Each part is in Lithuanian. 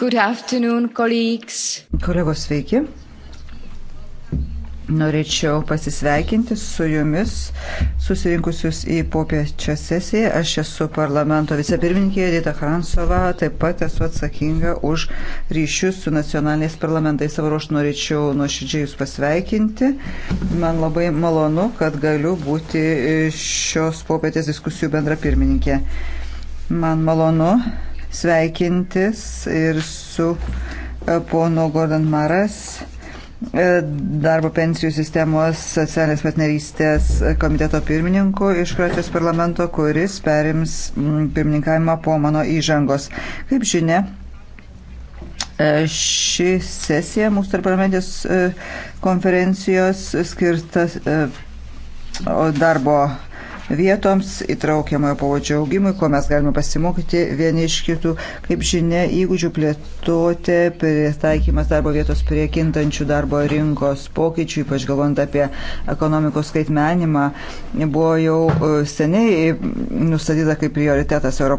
Good afternoon, colleagues. Kolegos, sveiki. Norėčiau pasisveikinti su jumis, susirinkusius į popiečio sesiją. Aš esu parlamento vicepirmininkė Dita Hransova, taip pat esu atsakinga už ryšius su nacionaliniais parlamentais. Savo ruoštų norėčiau nuoširdžiai jūs pasveikinti. Man labai malonu, kad galiu būti šios popietės diskusijų bendra pirmininkė. Man malonu sveikintis ir su e, pono Gordon Maras e, darbo pensijų sistemos socialinės partnerystės komiteto pirmininku iš Kroatijos parlamento, kuris perims mm, pirmininkavimą po mano įžangos. Kaip žinia, e, ši sesija mūsų tarparlamentės konferencijos skirtas darbo vietoms įtraukiamojo pavadžio augimui, ko mes galime pasimokyti vieni iš kitų. Kaip žinia, įgūdžių plėtotė, pritaikymas darbo vietos prie kintančių darbo rinkos pokyčių, ypač galvojant apie ekonomikos skaitmenimą, buvo jau e, seniai nustatyta kaip prioritetas ES.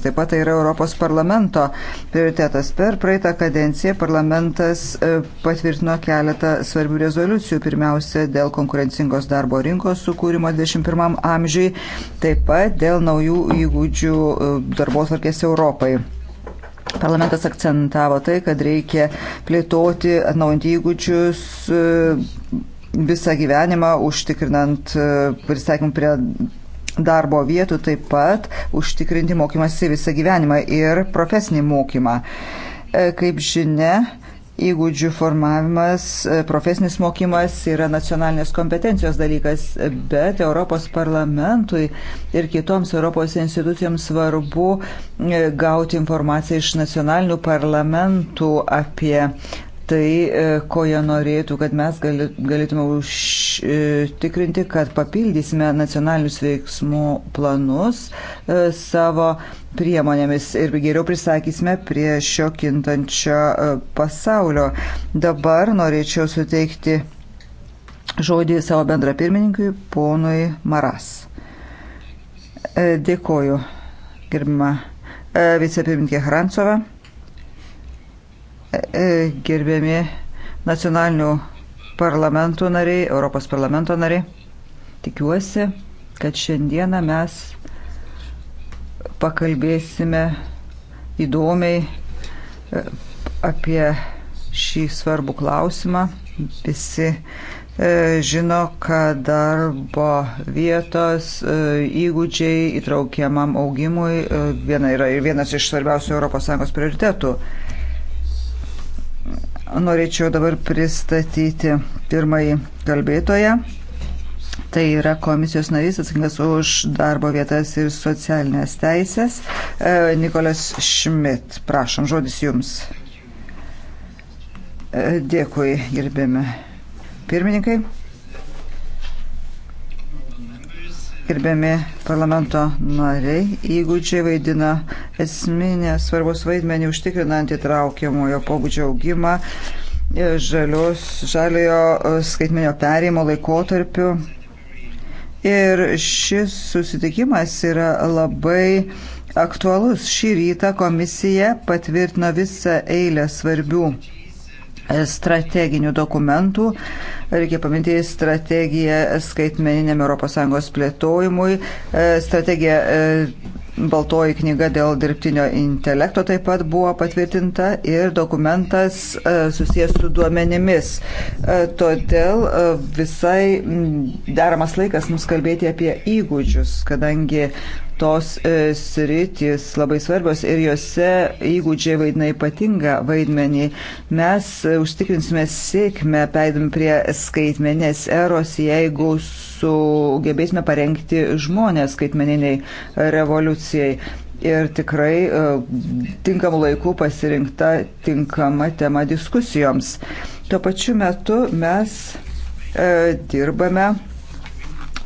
Taip pat tai yra Europos parlamento prioritetas. Per praeitą kadenciją parlamentas e, patvirtino keletą svarbių rezoliucijų, pirmiausia dėl konkurencingos darbo rinkos sukūrimo 21 amžiuje amžiui, taip pat dėl naujų įgūdžių e, darbos varkės Europai. Parlamentas akcentavo tai, kad reikia plėtoti atnaujinti įgūdžius e, visą gyvenimą, užtikrinant e, pristaikymą prie darbo vietų, taip pat užtikrinti mokymasi visą gyvenimą ir profesinį mokymą. Kaip žinia, įgūdžių formavimas, e, profesinis mokymas yra nacionalinės kompetencijos dalykas, bet Europos parlamentui ir kitoms Europos institucijoms svarbu e, gauti informaciją iš nacionalinių parlamentų apie tai, e, ko jie norėtų, kad mes galėtume užtikrinti, e, kad papildysime nacionalinius veiksmų planus e, savo priemonėmis ir geriau prisakysime prie šio kintančio pasaulio. Dabar norėčiau suteikti žodį savo bendra pirmininkui, ponui Maras. Dėkoju, gerbima vicepirmininkė Hrantsova. E, gerbiami nacionalinių parlamentų nariai, Europos parlamento nariai. Tikiuosi, kad šiandieną mes pakalbėsime įdomiai e, apie šį svarbų klausimą. Visi e, žino, kad darbo vietos įgūdžiai įtraukiamam augimui viena yra ir vienas iš svarbiausių ES prioritetų norėčiau dabar pristatyti pirmąjį kalbėtoją. Tai yra komisijos narys atsakingas už darbo vietas ir socialinės teisės. E, Nikolas Šmit, prašom, žodis jums. E, dėkui, gerbėme pirmininkai. Gerbiami parlamento nariai, įgūdžiai vaidina esminę svarbus vaidmenį užtikrinant įtraukiamojo pobūdžio augimą e, žalios, žaliojo e, skaitminio perėjimo laikotarpiu. Ir šis susitikimas yra labai aktualus. Šį rytą komisija patvirtino visą eilę svarbių strateginių dokumentų. Reikia paminti strategiją skaitmeniniam ES plėtojimui, e, strategiją e, Baltoji knyga dėl dirbtinio intelekto taip pat buvo patvirtinta ir dokumentas e, susijęs su duomenimis. E, todėl e, visai deramas laikas mums kalbėti apie įgūdžius, kadangi tos sritys labai svarbios ir juose įgūdžiai vaidina ypatingą vaidmenį. Mes užtikrinsime sėkmę, peidami prie skaitmenės eros, jeigu sugebėsime parengti žmonės skaitmeniniai revoliucijai. Ir tikrai e, tinkamų laikų pasirinkta tinkama tema diskusijoms. Tuo pačiu metu mes e, dirbame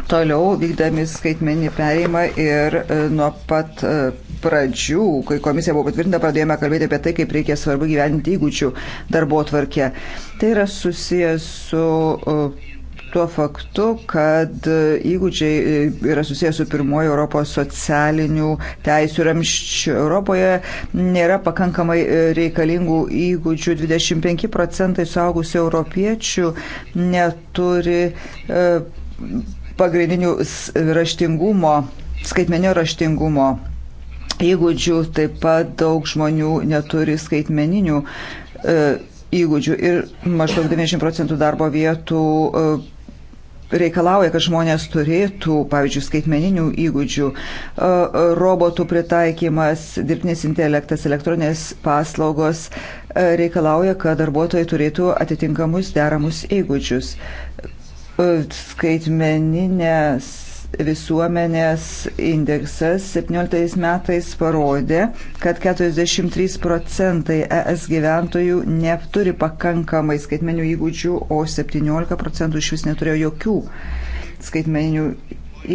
toliau vykdami skaitmenį perėjimą ir e, nuo pat e, pradžių, kai komisija buvo patvirtinta, pradėjome kalbėti apie tai, kaip reikia svarbu gyventi įgūdžių darbo tvarkė. Tai yra susijęs su tuo faktu, kad e, įgūdžiai e, yra susijęs su pirmoju Europos socialinių teisų ramščiu. Europoje nėra pakankamai e, reikalingų įgūdžių. 25 procentai suaugusių europiečių neturi pagrindinių raštingumo, skaitmenio raštingumo įgūdžių, taip pat daug žmonių neturi skaitmeninių įgūdžių ir maždaug 90 procentų darbo vietų reikalauja, kad žmonės turėtų, pavyzdžiui, skaitmeninių įgūdžių, e, e, robotų pritaikymas, dirbtinis intelektas, elektroninės paslaugos e, reikalauja, kad darbuotojai turėtų atitinkamus deramus įgūdžius. Skaitmeninės visuomenės indeksas 17 metais parodė, kad 43 procentai ES gyventojų neturi pakankamai skaitmenių įgūdžių, o 17 procentų iš vis neturėjo jokių skaitmenių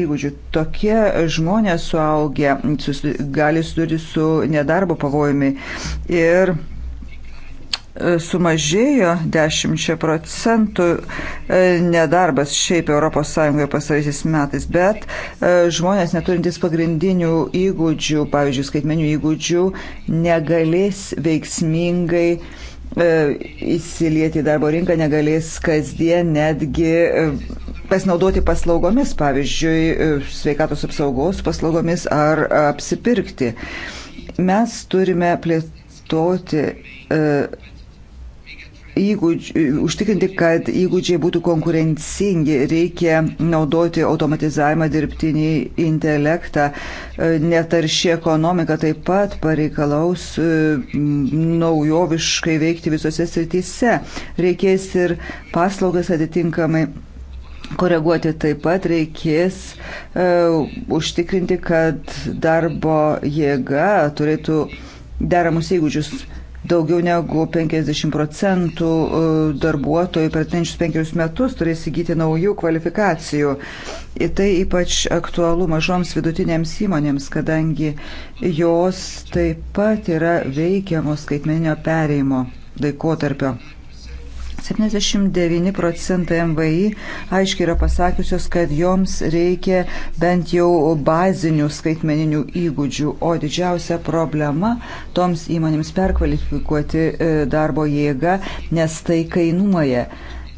įgūdžių. Tokie žmonės suaugę sus, gali susidurti su nedarbo pavojumi ir E, sumažėjo 10 procentų e, nedarbas šiaip ES pasaraisiais metais, bet e, žmonės neturintys pagrindinių įgūdžių, pavyzdžiui, skaitmenių įgūdžių, negalės veiksmingai įsilieti į darbo rinką, negalės kasdien netgi pasinaudoti paslaugomis, pavyzdžiui, sveikatos apsaugos paslaugomis ar apsipirkti. Mes turime plėtoti įgūdžių, užtikrinti, kad įgūdžiai būtų konkurencingi, reikia naudoti automatizavimą, dirbtinį intelektą, e, netarši ekonomika taip pat pareikalaus e, naujoviškai veikti visose srityse. Reikės ir paslaugas atitinkamai koreguoti taip pat reikės e, užtikrinti, kad darbo jėga turėtų deramus įgūdžius daugiau negu 50 procentų e, darbuotojų per tenčius penkerius metus turės įgyti naujų kvalifikacijų. Ir tai ypač aktualu mažoms vidutinėms įmonėms, kadangi jos taip pat yra veikiamos skaitmeninio pereimo laikotarpio. 79 procentai MVI aiškiai yra pasakiusios, kad joms reikia bent jau bazinių skaitmeninių įgūdžių, o didžiausia problema toms įmonėms perkvalifikuoti e, darbo jėgą, nes tai kainuoja.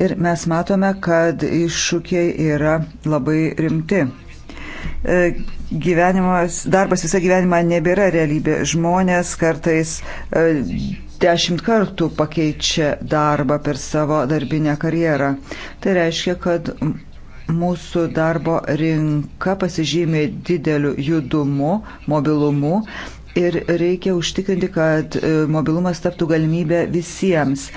Ir mes matome, kad iššūkiai yra labai rimti e, gyvenimas, darbas visą gyvenimą nebėra realybė. Žmonės kartais e, dešimt kartų pakeičia darbą per savo darbinę karjerą. Tai reiškia, kad mūsų darbo rinka pasižymė dideliu judumu, mobilumu. Ir reikia užtikrinti, kad e, mobilumas taptų galimybę visiems.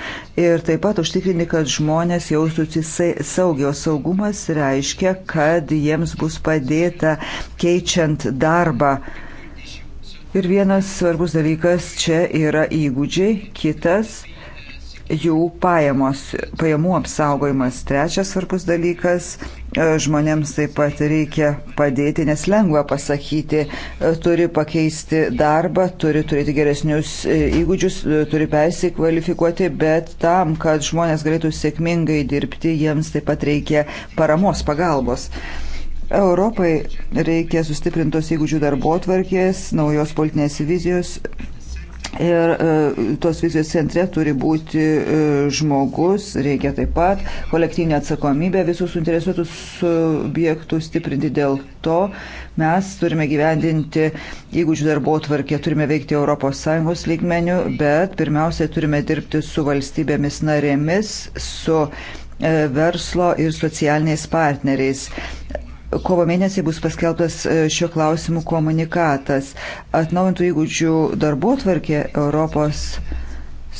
Ir taip pat užtikrinti, kad žmonės jaustųsi saugiai. O saugumas reiškia, kad jiems bus padėta keičiant darbą Ir vienas svarbus dalykas čia yra įgūdžiai, kitas jų pajamos, pajamų apsaugojimas. Trečias svarbus dalykas e, - žmonėms taip pat reikia padėti, nes lengva pasakyti, e, turi pakeisti darbą, turi turėti geresnius e, įgūdžius, turi persikvalifikuoti, bet tam, kad žmonės galėtų sėkmingai dirbti, jiems taip pat reikia paramos, pagalbos. Europai reikia sustiprintos įgūdžių darbo tvarkės, naujos politinės vizijos Ir e, tos vizijos centre turi būti e, žmogus, reikia taip pat kolektyvinę atsakomybę visus suinteresuotus subjektus stiprinti dėl to. Mes turime gyvendinti įgūdžių darbo tvarkę, turime veikti ES lygmenių, bet pirmiausiai turime dirbti su valstybėmis narėmis, su e, verslo ir socialiniais partneriais. Kovo mėnesį bus paskelbtas e, šio klausimų komunikatas. Atnaujintų įgūdžių darbo tvarkė Europos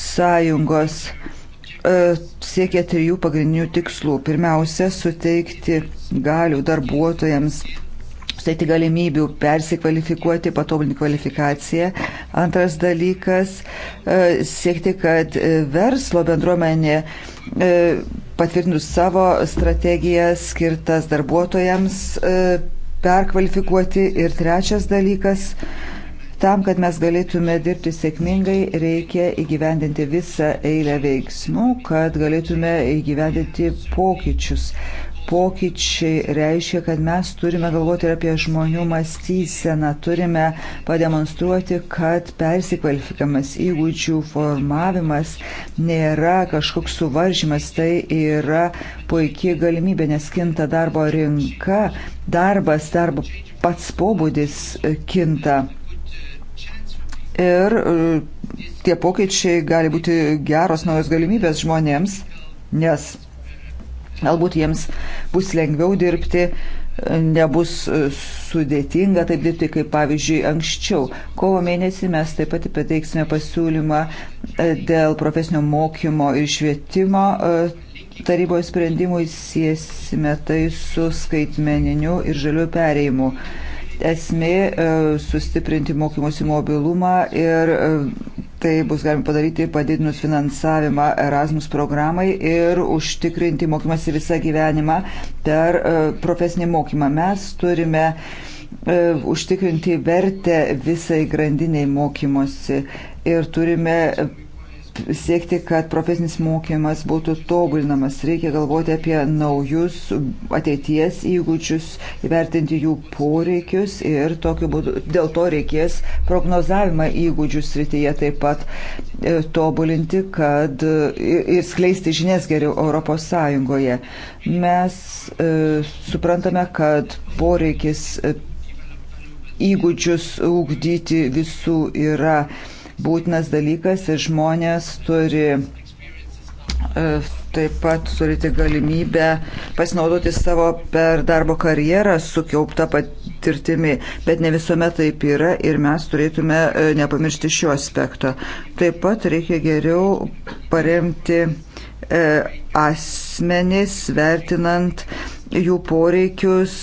Sąjungos e, siekia trijų pagrindinių tikslų. Pirmiausia, suteikti galių darbuotojams suteikti galimybių persikvalifikuoti, patobulinti kvalifikaciją. Antras dalykas e, - siekti, kad verslo bendruomenė patvirtinus savo strategijas skirtas darbuotojams e, perkvalifikuoti. Ir trečias dalykas Tam, kad mes galėtume dirbti sėkmingai, reikia įgyvendinti visą eilę veiksmų, kad galėtume įgyvendinti pokyčius pokyčiai reiškia, kad mes turime galvoti ir apie žmonių mąstyseną, turime pademonstruoti, kad persikvalifikamas įgūdžių formavimas nėra kažkoks suvaržymas, tai yra puikiai galimybė, nes kinta darbo rinka, darbas, darbo pats pobūdis kinta. Ir e, tie pokyčiai gali būti geros naujos galimybės žmonėms, nes Galbūt jiems bus lengviau dirbti, nebus e, sudėtinga taip dirbti, kaip pavyzdžiui anksčiau. Kovo mėnesį mes taip pat pateiksime pasiūlymą e, dėl profesinio mokymo ir švietimo e, tarybos sprendimui siesime tai su skaitmeniniu ir žaliu pereimu. Esmė - sustiprinti mokymosi mobilumą ir tai bus galima padaryti padidinus finansavimą Erasmus programai ir užtikrinti mokymasi visą gyvenimą per e, profesinį mokymą. Mes turime e, užtikrinti vertę visai grandiniai mokymosi ir turime siekti, kad profesinis mokymas būtų tobulinamas. Reikia galvoti apie naujus ateities įgūdžius, įvertinti jų poreikius ir tokiu būdu dėl to reikės prognozavimą įgūdžių srityje taip pat e, tobulinti, kad e, ir skleisti žinias geriau Europos Sąjungoje. Mes e, suprantame, kad poreikis e, įgūdžius ugdyti visų yra e, būtinas dalykas ir žmonės turi e, taip pat turite galimybę pasinaudoti savo per darbo karjerą sukiauptą patirtimi, bet ne visuomet taip yra ir mes turėtume e, nepamiršti šio aspekto. Taip pat reikia geriau paremti e, asmenys, vertinant jų poreikius,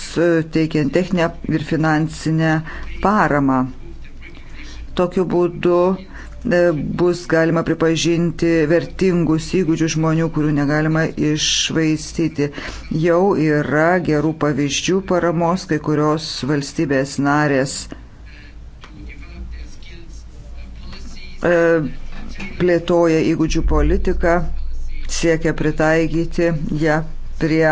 teikiant techninę ir finansinę paramą. Tokiu būdu e, bus galima pripažinti vertingus įgūdžius žmonių, kurių negalima išvaistyti. Jau yra gerų pavyzdžių paramos, kai kurios valstybės narės e, plėtoja įgūdžių politiką, siekia pritaikyti ją prie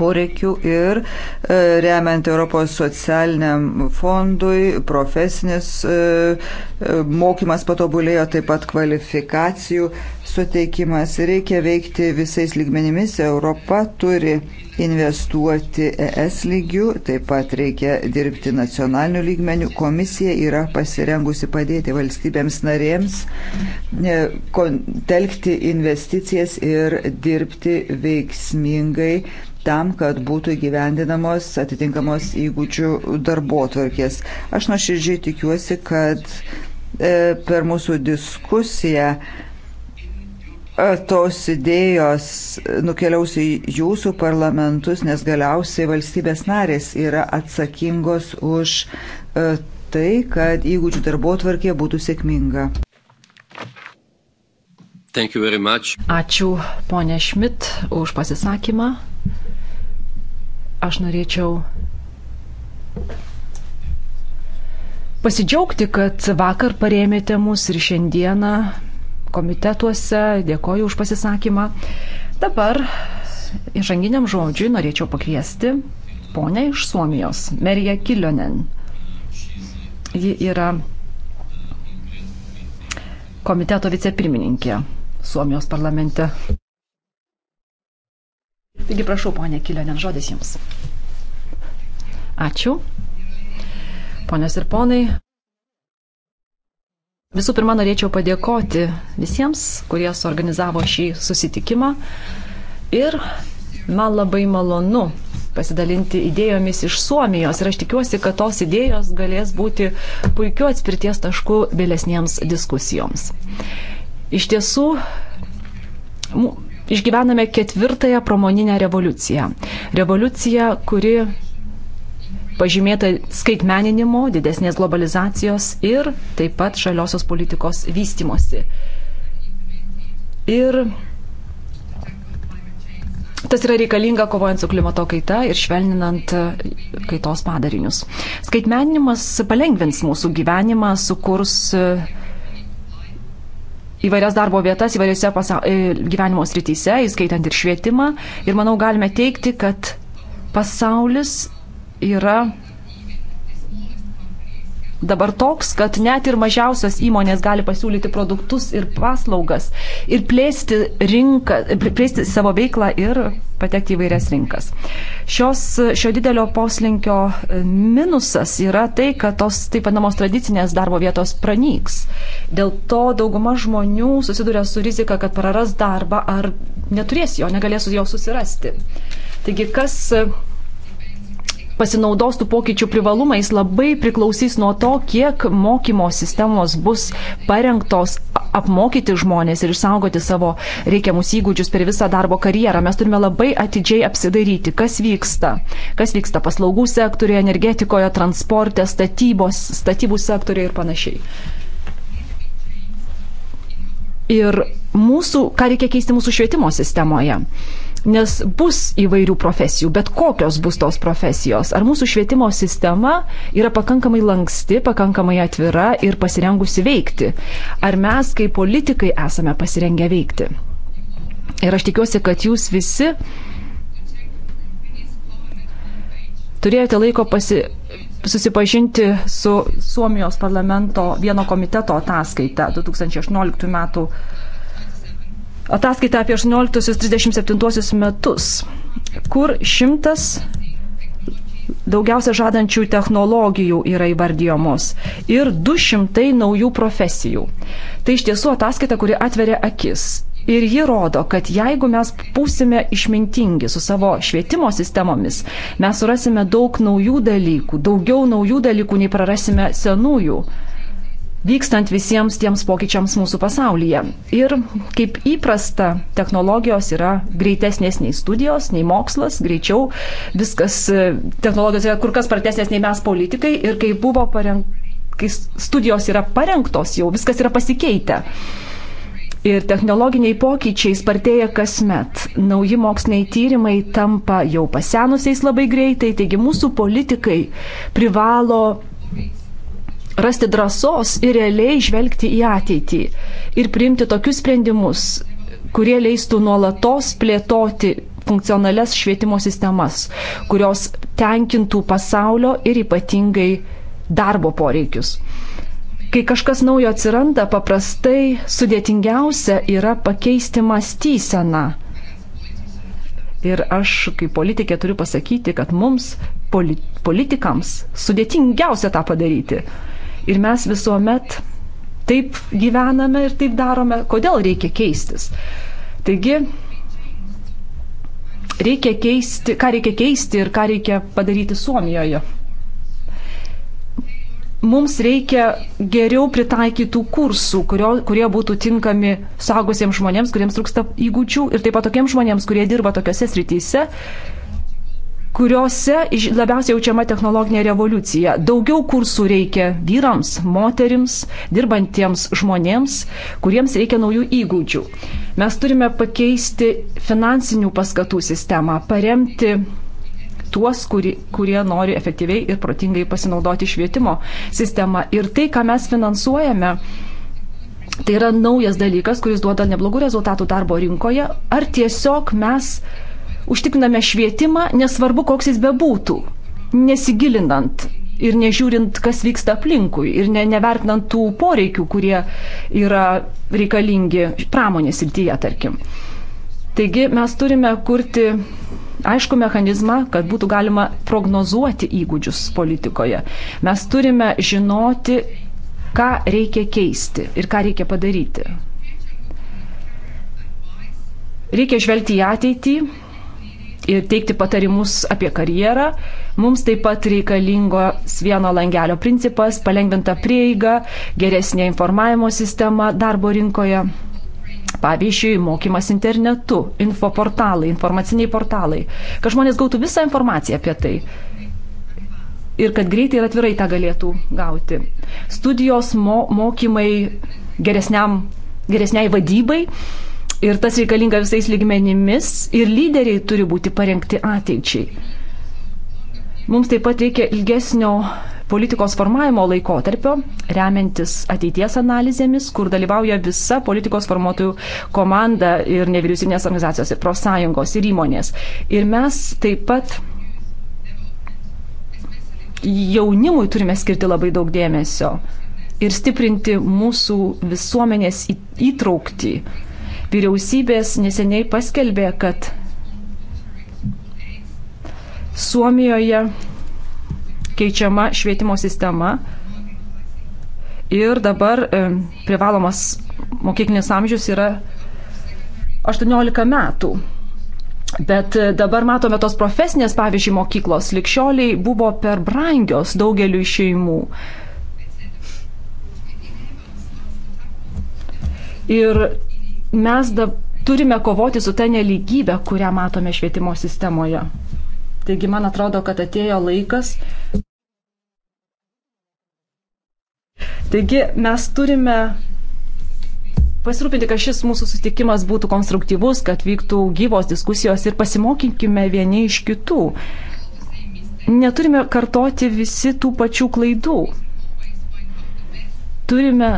poreikių ir e, remiant Europos socialiniam fondui, profesinis e, e, mokymas patobulėjo, taip pat kvalifikacijų suteikimas. Reikia veikti visais lygmenimis. Europa turi investuoti ES lygių, taip pat reikia dirbti nacionaliniu lygmeniu. Komisija yra pasirengusi padėti valstybėms narėms telkti investicijas ir dirbti veiksmingai tam, kad būtų gyvendinamos atitinkamos įgūdžių darbotvarkės. Aš nuoširdžiai tikiuosi, kad e, per mūsų diskusiją e, tos idėjos nukeliaus į jūsų parlamentus, nes galiausiai valstybės narės yra atsakingos už e, tai, kad įgūdžių darbotvarkė būtų sėkminga. Ačiū ponė Šmit už pasisakymą. Aš norėčiau pasidžiaugti, kad vakar parėmėte mus ir šiandieną komitetuose. Dėkoju už pasisakymą. Dabar įžanginiam žodžiui norėčiau pakviesti ponę iš Suomijos, Merija Kilionen. Ji yra komiteto vicepirmininkė Suomijos parlamente. Taigi prašau, ponė Kilionen, žodis jums. Ačiū. Ponios ir ponai, visų pirma norėčiau padėkoti visiems, kurie suorganizavo šį susitikimą ir man labai malonu pasidalinti idėjomis iš Suomijos ir aš tikiuosi, kad tos idėjos galės būti puikiu atspirties tašku vėlesniems diskusijoms. Iš tiesų, išgyvename ketvirtąją pramoninę revoliuciją. Revoliuciją, kuri pažymėta skaitmeninimo, didesnės globalizacijos ir taip pat žaliosios politikos vystimosi. Ir Tas yra reikalinga kovojant su klimato kaita ir švelninant kaitos padarinius. Skaitmeninimas palengvins mūsų gyvenimą, sukurs įvairias darbo vietas įvairiose pasau... E, gyvenimo srityse, įskaitant ir švietimą. Ir manau, galime teikti, kad pasaulis yra dabar toks, kad net ir mažiausios įmonės gali pasiūlyti produktus ir paslaugas ir plėsti, rinką, plėsti savo veiklą ir patekti į vairias rinkas. Šios, šio didelio poslinkio e, minusas yra tai, kad tos taip vadinamos tradicinės darbo vietos pranyks. Dėl to dauguma žmonių susiduria su rizika, kad praras darbą ar neturės jo, negalės jo susirasti. Taigi, kas pasinaudos tų pokyčių privalumais, labai priklausys nuo to, kiek mokymo sistemos bus parengtos apmokyti žmonės ir išsaugoti savo reikiamus įgūdžius per visą darbo karjerą. Mes turime labai atidžiai apsidairyti, kas vyksta. Kas vyksta paslaugų sektoriuje, energetikoje, transporte, statybos, statybų sektoriuje ir panašiai. Ir mūsų, ką reikia keisti mūsų švietimo sistemoje Nes bus įvairių profesijų, bet kokios bus tos profesijos. Ar mūsų švietimo sistema yra pakankamai lanksti, pakankamai atvira ir pasirengusi veikti? Ar mes kaip politikai esame pasirengę veikti? Ir aš tikiuosi, kad jūs visi turėjote laiko pasi, susipažinti su Suomijos parlamento vieno komiteto ataskaita 2018 metų ataskaitą apie 18-37 metus, kur šimtas daugiausia žadančių technologijų yra įvardyjamos ir 200 naujų profesijų. Tai iš tiesų ataskaita, kuri atveria akis. Ir ji rodo, kad jeigu mes būsime išmintingi su savo švietimo sistemomis, mes surasime daug naujų dalykų, daugiau naujų dalykų nei prarasime senųjų vykstant visiems tiems pokyčiams mūsų pasaulyje. Ir kaip įprasta, technologijos yra greitesnės nei studijos, nei mokslas, greičiau viskas, technologijos yra kur kas spartesnės nei mes politikai ir kai buvo parengta kai studijos yra parengtos, jau viskas yra pasikeitę. Ir technologiniai pokyčiai spartėja kasmet. Nauji moksliniai tyrimai tampa jau pasenusiais labai greitai, taigi mūsų politikai privalo rasti drąsos ir realiai žvelgti į ateitį ir priimti tokius sprendimus, kurie leistų nuolatos plėtoti funkcionales švietimo sistemas, kurios tenkintų pasaulio ir ypatingai darbo poreikius. Kai kažkas naujo atsiranda, paprastai sudėtingiausia yra pakeisti mąstyseną. Ir aš kaip politikė turiu pasakyti, kad mums, politikams, sudėtingiausia tą padaryti Ir mes visuomet taip gyvename ir taip darome, kodėl reikia keistis. Taigi, reikia keisti, ką reikia keisti ir ką reikia padaryti Suomijoje. Mums reikia geriau pritaikytų kursų, kurio, kurie būtų tinkami saugusiems žmonėms, kuriems trūksta įgūdžių ir taip pat tokiems žmonėms, kurie dirba tokiose srityse, kuriuose labiausiai jaučiama technologinė revoliucija. Daugiau kursų reikia vyrams, moterims, dirbantiems žmonėms, kuriems reikia naujų įgūdžių. Mes turime pakeisti finansinių paskatų sistemą, paremti tuos, kuri, kurie nori efektyviai ir protingai pasinaudoti švietimo sistemą. Ir tai, ką mes finansuojame, tai yra naujas dalykas, kuris duoda neblogų rezultatų darbo rinkoje, ar tiesiog mes užtikriname švietimą, nesvarbu, koks jis bebūtų, nesigilinant ir nežiūrint, kas vyksta aplinkui ir ne, nevertinant tų poreikių, kurie yra reikalingi pramonės srityje, tarkim. Taigi mes turime kurti aišku mechanizmą, kad būtų galima prognozuoti įgūdžius politikoje. Mes turime žinoti, ką reikia keisti ir ką reikia padaryti. Reikia žvelgti į ateitį ir teikti patarimus apie karjerą. Mums taip pat reikalingos vieno langelio principas, palengvinta prieiga, geresnė informavimo sistema darbo rinkoje. Pavyzdžiui, mokymas internetu, infoportalai, informaciniai portalai, kad žmonės gautų visą informaciją apie tai ir kad greitai ir atvirai tą galėtų gauti. Studijos, mo mokymai geresniam, geresniai vadybai Ir tas reikalinga visais lygmenimis ir lyderiai turi būti parengti ateičiai. Mums taip pat reikia ilgesnio politikos formavimo laikotarpio, remiantis ateities analizėmis, kur dalyvauja visa politikos formuotojų komanda ir nevyriausybinės organizacijos ir profsąjungos ir įmonės. Ir mes taip pat jaunimui turime skirti labai daug dėmesio ir stiprinti mūsų visuomenės įtraukti Vyriausybės neseniai paskelbė, kad Suomijoje keičiama švietimo sistema ir dabar e, privalomas mokyklinis amžius yra 18 metų. Bet e, dabar matome tos profesinės, pavyzdžiui, mokyklos likščioliai buvo per brangios daugeliu šeimų. Ir mes da, turime kovoti su ta neligybė, kurią matome švietimo sistemoje. Taigi man atrodo, kad atėjo laikas. Taigi mes turime pasirūpinti, kad šis mūsų susitikimas būtų konstruktyvus, kad vyktų gyvos diskusijos ir pasimokykime vieni iš kitų. Neturime kartoti visi tų pačių klaidų. Turime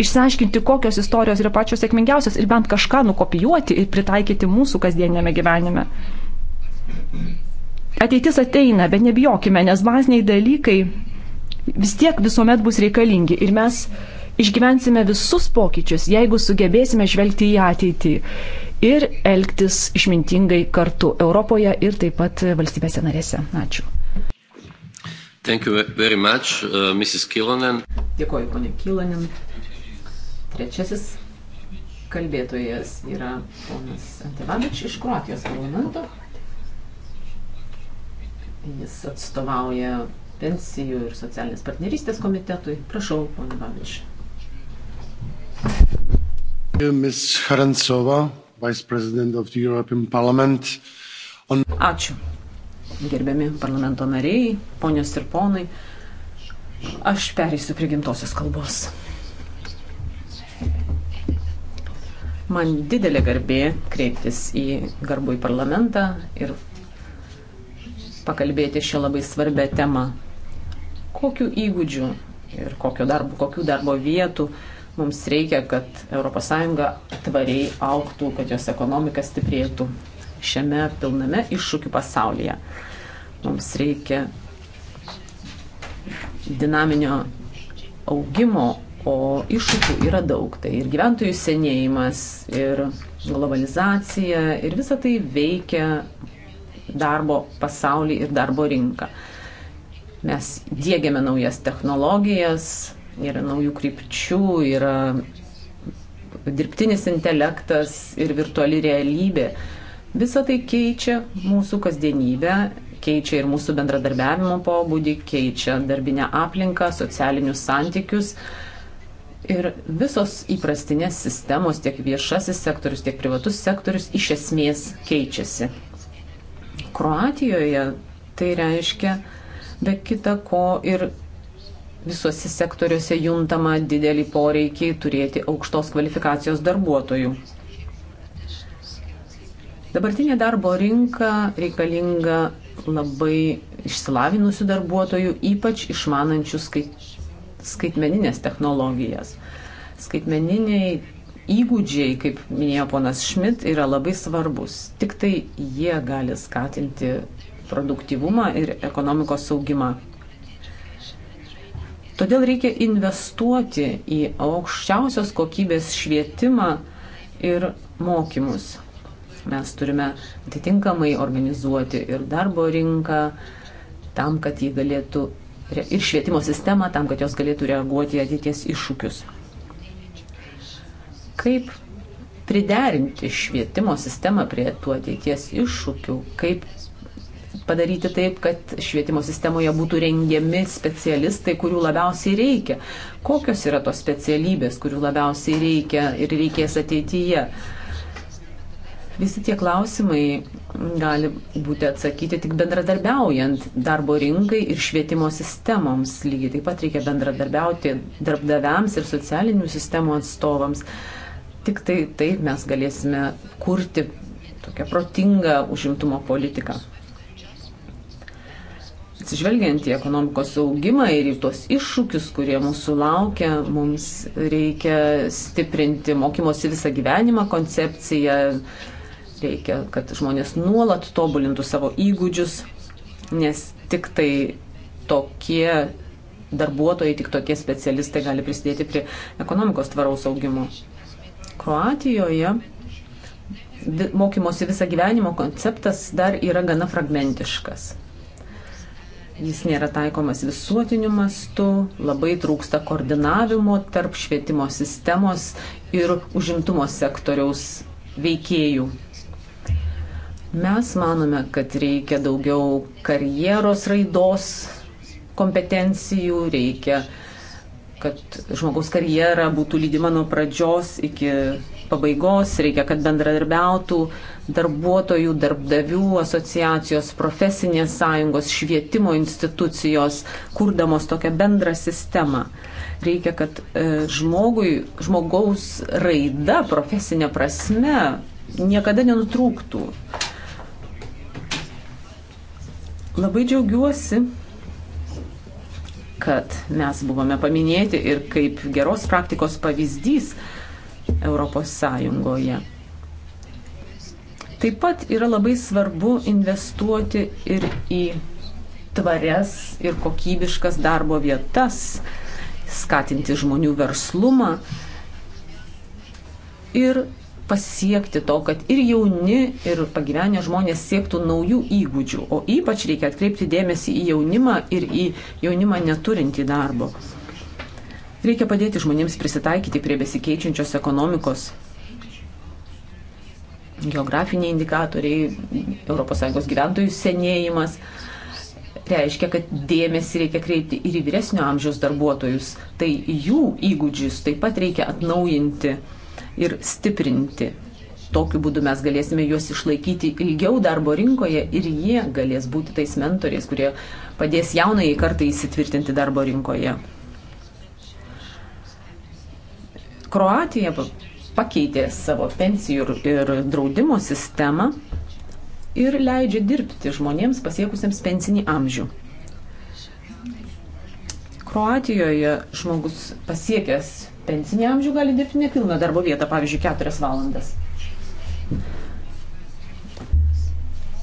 išsiaiškinti, kokios istorijos yra pačios sėkmingiausios ir bent kažką nukopijuoti ir pritaikyti mūsų kasdienėme gyvenime. Ateitis ateina, bet nebijokime, nes baziniai dalykai vis tiek visuomet bus reikalingi ir mes išgyvensime visus pokyčius, jeigu sugebėsime žvelgti į ateitį ir elgtis išmintingai kartu Europoje ir taip pat valstybėse narėse. Ačiū. Thank you very much, uh, Mrs. Kilonen. Dėkuoju, ponė Kilonen. Trečiasis kalbėtojas yra ponas Antivavič iš Kroatijos parlamento. Jis atstovauja pensijų ir socialinės partnerystės komitetui. Prašau, ponė Babič. Ms. Harantsova, Vice President of the European Parliament. On... Ačiū. Gerbiami parlamento nariai, ponios ir ponai, aš perėsiu prie gimtosios kalbos. Man didelė garbė kreiptis į garbų į parlamentą ir pakalbėti šią labai svarbę temą. Kokiu įgūdžiu ir kokio darbo, kokių darbo vietų mums reikia, kad ES tvariai auktų, kad jos ekonomika stiprėtų šiame pilname iššūkių pasaulyje. Mums reikia dinaminio augimo, O iššūkių yra daug. Tai ir gyventojų senėjimas, ir globalizacija, ir visa tai veikia darbo pasaulį ir darbo rinką. Mes dėgiame naujas technologijas, yra naujų krypčių, yra dirbtinis intelektas ir virtuali realybė. Visa tai keičia mūsų kasdienybę, keičia ir mūsų bendradarbiavimo pobūdį, keičia darbinę aplinką, socialinius santykius. Uh, Ir visos įprastinės sistemos, tiek viešasis sektorius, tiek privatus sektorius iš esmės keičiasi. Kroatijoje tai reiškia be kita ko ir visuose sektoriuose juntama didelį poreikį turėti aukštos kvalifikacijos darbuotojų. Dabartinė darbo rinka reikalinga labai išsilavinusių darbuotojų, ypač išmanančių skait, skaitmeninės technologijas skaitmeniniai įgūdžiai, kaip minėjo ponas Šmit, yra labai svarbus. Tik tai jie gali skatinti produktivumą ir ekonomikos saugimą. Todėl reikia investuoti į aukščiausios kokybės švietimą ir mokymus. Mes turime atitinkamai organizuoti ir darbo rinką tam, kad jį galėtų ir švietimo sistemą tam, kad jos galėtų reaguoti ateities iššūkius kaip priderinti švietimo sistemą prie tų ateities iššūkių, kaip padaryti taip, kad švietimo sistemoje būtų rengiami specialistai, kurių labiausiai reikia. Kokios yra tos specialybės, kurių labiausiai reikia ir reikės ateityje? Visi tie klausimai gali būti atsakyti tik bendradarbiaujant darbo rinkai ir švietimo sistemoms. Lygiai taip pat reikia bendradarbiauti darbdaviams ir socialinių sistemų atstovams. Tik tai taip mes galėsime kurti tokią protingą užimtumo politiką. Atsižvelgiant į ekonomikos augimą ir į tuos iššūkius, kurie mūsų laukia, mums reikia stiprinti mokymosi visą gyvenimą koncepciją, reikia, kad žmonės nuolat tobulintų savo įgūdžius, nes tik tai tokie darbuotojai, tik tokie specialistai gali prisidėti prie ekonomikos tvaraus augimo. Kroatijoje mokymosi visą gyvenimo konceptas dar yra gana fragmentiškas. Jis nėra taikomas visuotiniu mastu, labai trūksta koordinavimo tarp švietimo sistemos ir užimtumo sektoriaus veikėjų. Mes manome, kad reikia daugiau karjeros raidos kompetencijų, reikia uh, kad žmogaus karjera būtų lydima nuo pradžios iki pabaigos, reikia, kad bendradarbiautų darbuotojų, darbdavių asociacijos, profesinės sąjungos, švietimo institucijos, kurdamos tokią bendrą sistemą. Reikia, kad e, žmogui, žmogaus raida profesinė prasme niekada nenutrūktų. Labai džiaugiuosi kad mes buvome paminėti ir kaip geros praktikos pavyzdys Europos Sąjungoje. Taip pat yra labai svarbu investuoti ir į tvarias ir kokybiškas darbo vietas, skatinti žmonių verslumą ir pasiekti to, kad ir jauni, ir pagyvenę žmonės siektų naujų įgūdžių, o ypač reikia atkreipti dėmesį į jaunimą ir į jaunimą neturintį darbo. Reikia padėti žmonėms prisitaikyti prie besikeičiančios ekonomikos. Geografiniai indikatoriai, ES gyventojų senėjimas reiškia, kad dėmesį reikia kreipti ir į vyresnio amžiaus darbuotojus. Tai jų įgūdžius taip pat reikia atnaujinti ir stiprinti. Tokiu būdu mes galėsime juos išlaikyti ilgiau darbo rinkoje ir jie galės būti tais mentoriais, kurie padės jaunai kartai įsitvirtinti darbo rinkoje. Kroatija pakeitė savo pensijų ir, ir draudimo sistemą ir leidžia dirbti žmonėms pasiekusiems pensinį amžių. Kroatijoje žmogus pasiekęs pensinį amžių gali dirbti nepilną darbo vietą, pavyzdžiui, keturias valandas.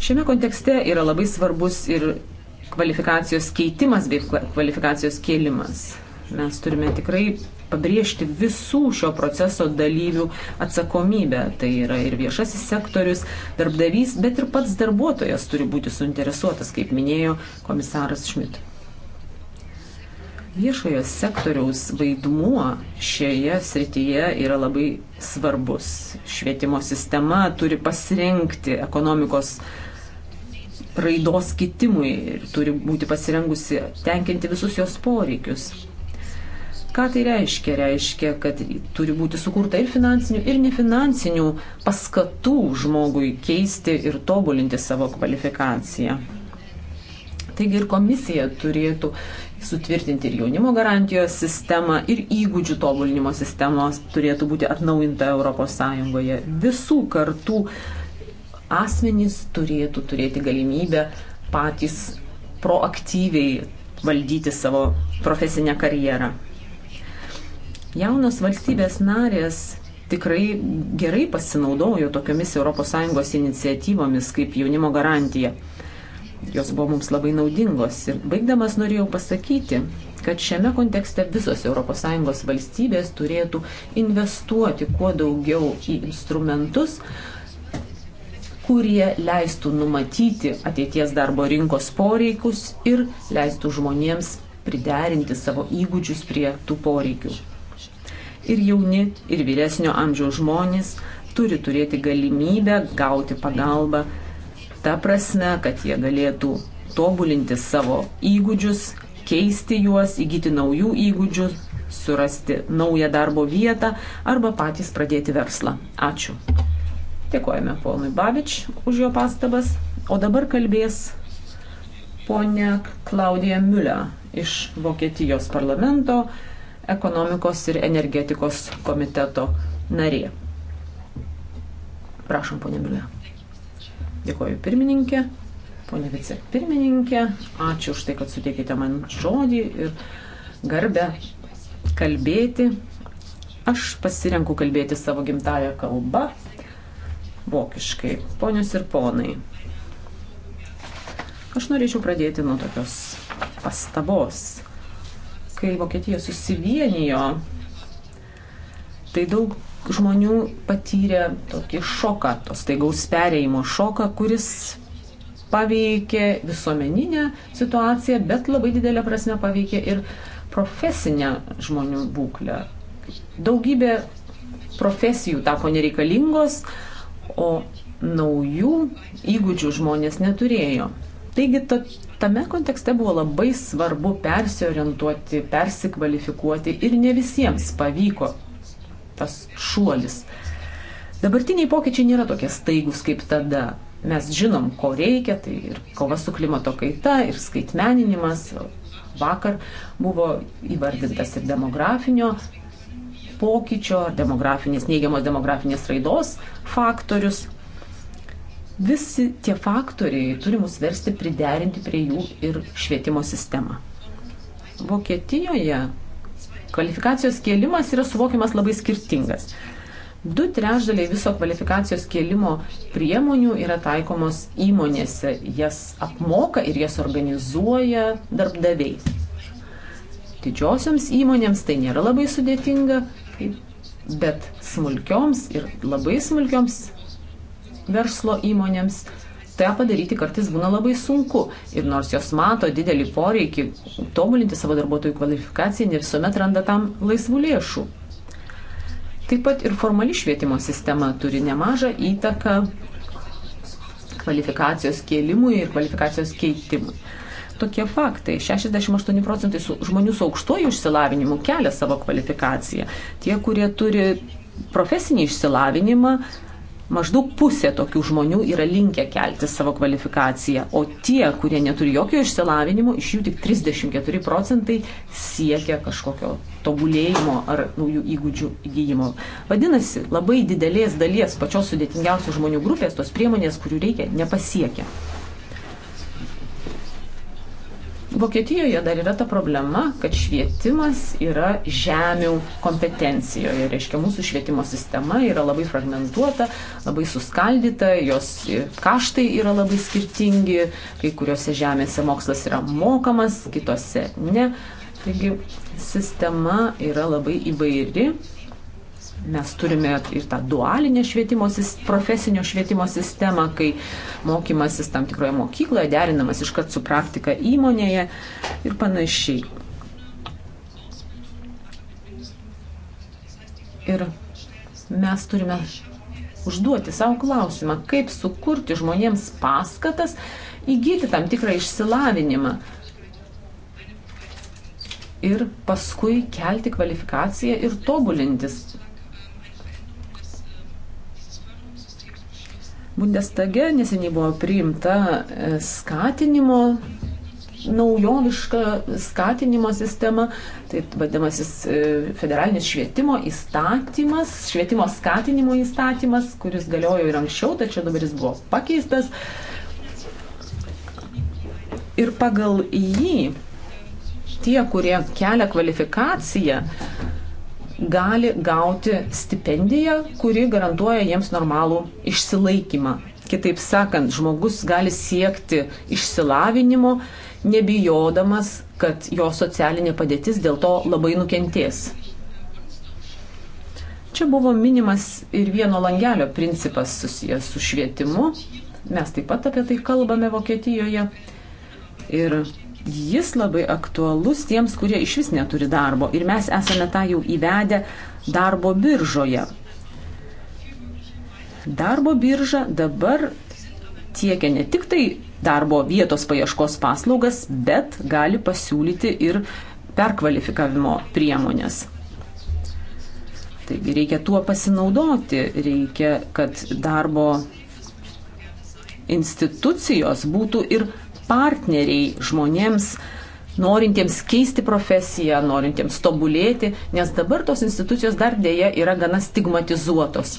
Šiame kontekste yra labai svarbus ir kvalifikacijos keitimas bei kvalifikacijos kėlimas. Mes turime tikrai pabrėžti visų šio proceso dalyvių atsakomybę. Tai yra ir viešasis sektorius, darbdavys, bet ir pats darbuotojas turi būti suinteresuotas, kaip minėjo komisaras Šmit. Viešojo sektoriaus vaidmuo šioje srityje yra labai svarbus. Švietimo sistema turi pasirinkti ekonomikos raidos kitimui ir turi būti pasirengusi tenkinti visus jos poreikius. Ką tai reiškia? Reiškia, kad turi būti sukurta ir finansinių, ir nefinansinių paskatų žmogui keisti ir tobulinti savo kvalifikaciją. Taigi ir komisija turėtų sutvirtinti ir jaunimo garantijos sistemą, ir įgūdžių tobulinimo sistemos turėtų būti atnaujinta ES. Visų kartų asmenys turėtų turėti galimybę patys proaktyviai valdyti savo profesinę karjerą. Jaunos valstybės narės tikrai gerai pasinaudojo tokiamis ES iniciatyvomis kaip jaunimo garantija jos buvo mums labai naudingos. Ir baigdamas norėjau pasakyti, kad šiame kontekste visos ES valstybės turėtų investuoti kuo daugiau į instrumentus, kurie leistų numatyti ateities darbo rinkos poreikius ir leistų žmonėms priderinti savo įgūdžius prie tų poreikių. Ir jauni, ir vyresnio amžiaus žmonės turi turėti galimybę gauti pagalbą ta prasme, kad jie galėtų tobulinti savo įgūdžius, keisti juos, įgyti naujų įgūdžių, surasti naują darbo vietą arba patys pradėti verslą. Ačiū. Dėkojame ponui Babič už jo pastabas. O dabar kalbės ponia Klaudija Müller iš Vokietijos parlamento ekonomikos ir energetikos komiteto narė. Prašom, ponia Müller. Dėkoju pirmininkė, ponė vicepirmininkė, ačiū už tai, kad suteikite man žodį ir garbę kalbėti. Aš pasirenku kalbėti savo gimtają kalbą, vokiškai. Ponios ir ponai, aš norėčiau pradėti nuo tokios pastabos. Kai Vokietija susivienijo, tai daug žmonių patyrė tokį šoką, tos taigaus perėjimo šoką, kuris paveikė visuomeninę situaciją, bet labai didelę prasme paveikė ir profesinę žmonių būklę. Daugybė profesijų tapo nereikalingos, o naujų įgūdžių žmonės neturėjo. Taigi to, tame kontekste buvo labai svarbu persiorientuoti, persikvalifikuoti ir ne visiems pavyko tas šuolis. Dabartiniai pokyčiai nėra tokie staigus kaip tada. Mes žinom, ko reikia, tai ir kova su klimato kaita, ir skaitmeninimas. Vakar buvo įvardintas ir demografinio pokyčio, demografinės, neigiamos demografinės raidos faktorius. Visi tie faktoriai turi mus versti priderinti prie jų ir švietimo sistemą. Vokietijoje Kvalifikacijos kėlimas yra suvokiamas labai skirtingas. Du trešdaliai viso kvalifikacijos kėlimo priemonių yra taikomos įmonėse. Jas apmoka ir jas organizuoja darbdaviai. Didžiosioms įmonėms tai nėra labai sudėtinga, bet smulkioms ir labai smulkioms verslo įmonėms tą padaryti kartais būna labai sunku. Ir nors jos mato didelį poreikį tobulinti savo darbuotojų kvalifikaciją, ne visuomet randa tam laisvų lėšų. Taip pat ir formali švietimo sistema turi nemažą įtaką kvalifikacijos kėlimui ir kvalifikacijos keitimui. Tokie faktai. 68 procentai žmonių su aukštuoju išsilavinimu kelia savo kvalifikaciją. Tie, kurie turi profesinį išsilavinimą, maždaug pusė tokių žmonių yra linkę kelti savo kvalifikaciją, o tie, kurie neturi jokio išsilavinimo, iš jų tik 34 procentai siekia kažkokio tobulėjimo ar naujų įgūdžių įgyjimo. Vadinasi, labai didelės dalies pačios sudėtingiausių žmonių grupės tos priemonės, kurių reikia, nepasiekia. Vokietijoje dar yra ta problema, kad švietimas yra žemių kompetencijoje. Reiškia, mūsų švietimo sistema yra labai fragmentuota, labai suskaldyta, jos kaštai yra labai skirtingi, kai kuriuose žemėse mokslas yra mokamas, kitose ne. Taigi sistema yra labai įvairi Mes turime ir tą dualinę švietimo, profesinio švietimo sistemą, kai mokymasis tam tikroje mokykloje derinamas iškart su praktika įmonėje ir panašiai. Ir mes turime užduoti savo klausimą, kaip sukurti žmonėms paskatas įgyti tam tikrą išsilavinimą ir paskui kelti kvalifikaciją ir tobulintis. Bundestage neseniai buvo priimta e, skatinimo naujoviška skatinimo sistema, tai vadinamasis e, federalinis švietimo įstatymas, švietimo skatinimo įstatymas, kuris galiojo ir anksčiau, tačiau dabar jis buvo pakeistas. Ir pagal jį tie, kurie kelia kvalifikaciją, gali gauti stipendiją, kuri garantuoja jiems normalų išsilaikymą. Kitaip sakant, žmogus gali siekti išsilavinimo, nebijodamas, kad jo socialinė padėtis dėl to labai nukentės. Čia buvo minimas ir vieno langelio principas susijęs su švietimu. Mes taip pat apie tai kalbame Vokietijoje. Ir jis labai aktualus tiems, kurie iš vis neturi darbo. Ir mes esame tą jau įvedę darbo biržoje. Darbo birža dabar tiekia ne tik tai darbo vietos paieškos paslaugas, bet gali pasiūlyti ir perkvalifikavimo priemonės. Taigi reikia tuo pasinaudoti, reikia, kad darbo institucijos būtų ir partneriai žmonėms, norintiems keisti profesiją, norintiems tobulėti, nes dabar tos institucijos dar dėja yra gana stigmatizuotos.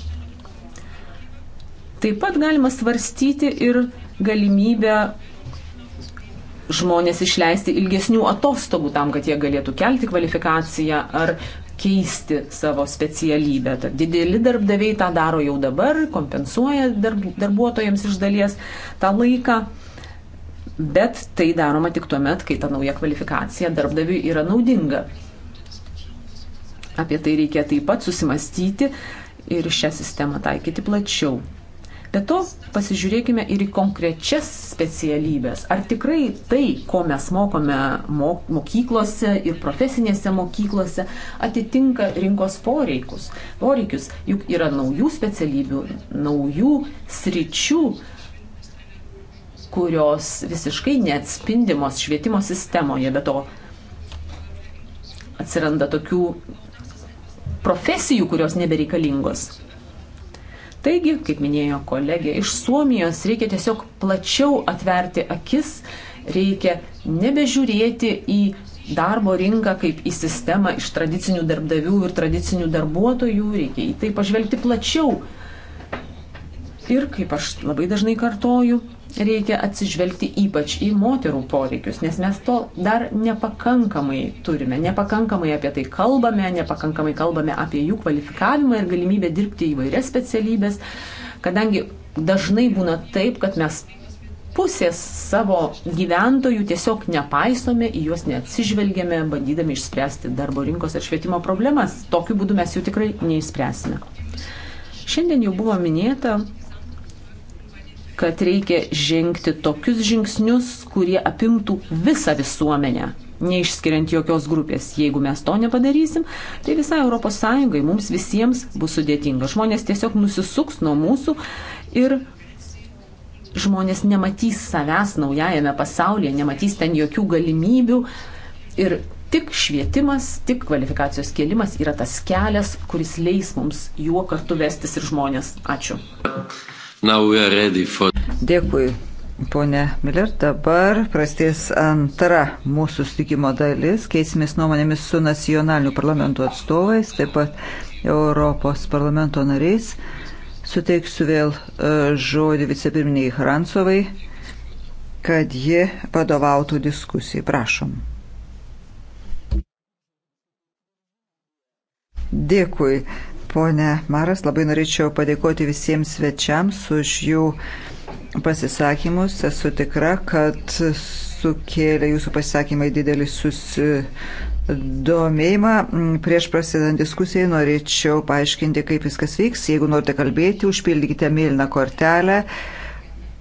Taip pat galima svarstyti ir galimybę žmonės išleisti ilgesnių atostogų tam, kad jie galėtų kelti kvalifikaciją ar keisti savo specialybę. Tad dideli darbdaviai tą daro jau dabar, kompensuoja darb, darbuotojams iš dalies tą laiką bet tai daroma tik tuo met, kai ta nauja kvalifikacija darbdaviui yra naudinga. Apie tai reikia taip pat susimastyti ir šią sistemą taikyti plačiau. Be to, pasižiūrėkime ir į konkrečias specialybės. Ar tikrai tai, ko mes mokome mokyklose ir profesinėse mokyklose, atitinka rinkos poreikus? poreikius? Juk yra naujų specialybių, naujų sričių, kurios visiškai neatspindimos švietimo sistemoje, bet to atsiranda tokių profesijų, kurios nebereikalingos. Taigi, kaip minėjo kolegė, iš Suomijos reikia tiesiog plačiau atverti akis, reikia nebežiūrėti į darbo rinką kaip į sistemą iš tradicinių darbdavių ir tradicinių darbuotojų, reikia į tai pažvelgti plačiau. Ir kaip aš labai dažnai kartoju, reikia atsižvelgti ypač į moterų poreikius, nes mes to dar nepakankamai turime, nepakankamai apie tai kalbame, nepakankamai kalbame apie jų kvalifikavimą ir galimybę dirbti įvairias specialybės, kadangi dažnai būna taip, kad mes pusės savo gyventojų tiesiog nepaisome, į juos neatsižvelgiame, bandydami išspręsti darbo rinkos ir švietimo problemas. Tokiu būdu mes jų tikrai neišspręsime. Šiandien jau buvo minėta, kad reikia žengti tokius žingsnius, kurie apimtų visą visuomenę, neišskiriant jokios grupės. Jeigu mes to nepadarysim, tai visai ES mums visiems bus sudėtinga. Žmonės tiesiog nusisuks nuo mūsų ir žmonės nematys savęs naujajame pasaulyje, nematys ten jokių galimybių. Ir tik švietimas, tik kvalifikacijos kėlimas yra tas kelias, kuris leis mums juo kartu vestis ir žmonės. Ačiū. For... Dėkui, ponė Miller. Dabar prasidės antra mūsų sutikimo dalis. Keisimės nuomonėmis su nacionaliniu parlamentu atstovais, taip pat Europos parlamento nariais. Suteiksiu vėl e, žodį vicepirminiai Hrancovai, kad ji vadovautų diskusijai. Prašom. Dėkui. Pone Maras, labai norėčiau padėkoti visiems svečiams už jų pasisakymus. Esu tikra, kad sukėlė jūsų pasisakymai didelį susidomėjimą. Prieš prasidant diskusijai norėčiau paaiškinti, kaip viskas vyks. Jeigu norite kalbėti, užpildykite mėlyną kortelę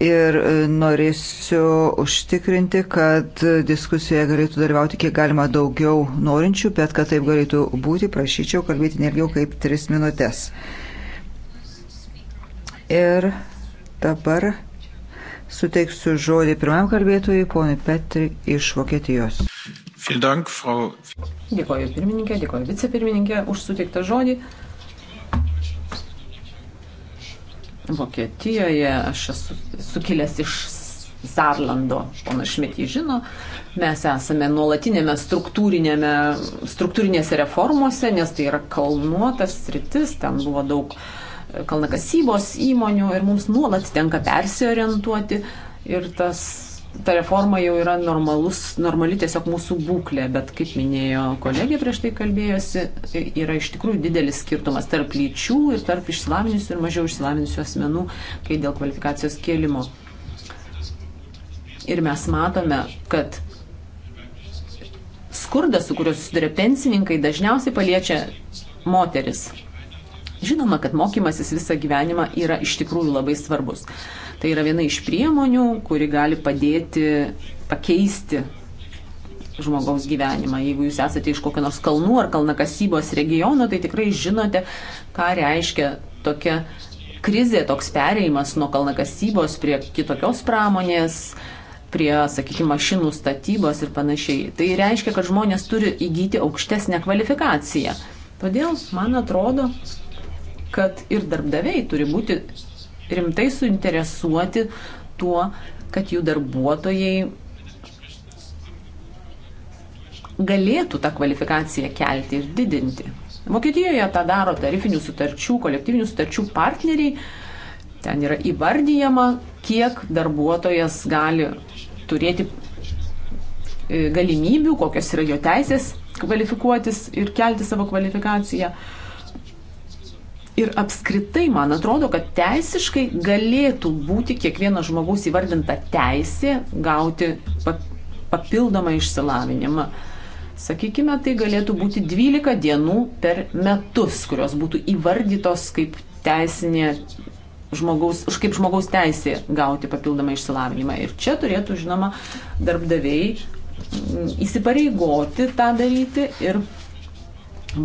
ir e, norėsiu užtikrinti, kad diskusijoje galėtų dalyvauti kiek galima daugiau norinčių, bet kad taip galėtų būti, prašyčiau kalbėti nelgiau kaip tris minutės. Ir dabar suteiksiu žodį pirmam kalbėtojui, ponui Petri iš Vokietijos. Dėkoju pirmininkė, dėkoju vicepirmininkė už suteiktą žodį. Uh, Vokietijoje, aš esu sukilęs iš Sarlando, pana Šmitį žino, mes esame nuolatinėme struktūrinėse reformuose, nes tai yra kalnuotas sritis, ten buvo daug e, kalnakasybos įmonių ir mums nuolat tenka persiorientuoti ir tas ta reforma jau yra normalus, normali tiesiog mūsų būklė, bet kaip minėjo kolegė prieš tai kalbėjosi, yra iš tikrųjų didelis skirtumas tarp lyčių ir tarp išsilavinusių ir mažiau išsilavinusių asmenų, kai dėl kvalifikacijos kėlimo. Ir mes matome, kad skurdas, su kuriuo susiduria pensininkai, dažniausiai paliečia moteris. Žinoma, kad mokymasis visą gyvenimą yra iš tikrųjų labai svarbus. Tai yra viena iš priemonių, kuri gali padėti pakeisti žmogaus gyvenimą. Jeigu jūs esate iš kokio nors kalnų ar kalnakasybos regiono, tai tikrai žinote, ką reiškia tokia krizė, toks pereimas nuo kalnakasybos prie kitokios pramonės, prie, sakykime, mašinų statybos ir panašiai. Tai reiškia, kad žmonės turi įgyti aukštesnę kvalifikaciją. Todėl, man atrodo, kad ir darbdaviai turi būti rimtai suinteresuoti tuo, kad jų darbuotojai galėtų tą kvalifikaciją kelti ir didinti. Vokietijoje tą daro tarifinių sutarčių, kolektyvinių sutarčių partneriai. Ten yra įvardyjama, kiek darbuotojas gali turėti e, galimybių, kokios yra jo teisės kvalifikuotis ir kelti savo kvalifikaciją. Ir apskritai, man atrodo, kad teisiškai galėtų būti kiekvieno žmogaus įvardinta teisė gauti papildomą išsilavinimą. Sakykime, tai galėtų būti 12 dienų per metus, kurios būtų įvardytos kaip teisinė žmogaus, kaip žmogaus teisė gauti papildomą išsilavinimą. Ir čia turėtų, žinoma, darbdaviai įsipareigoti tą daryti ir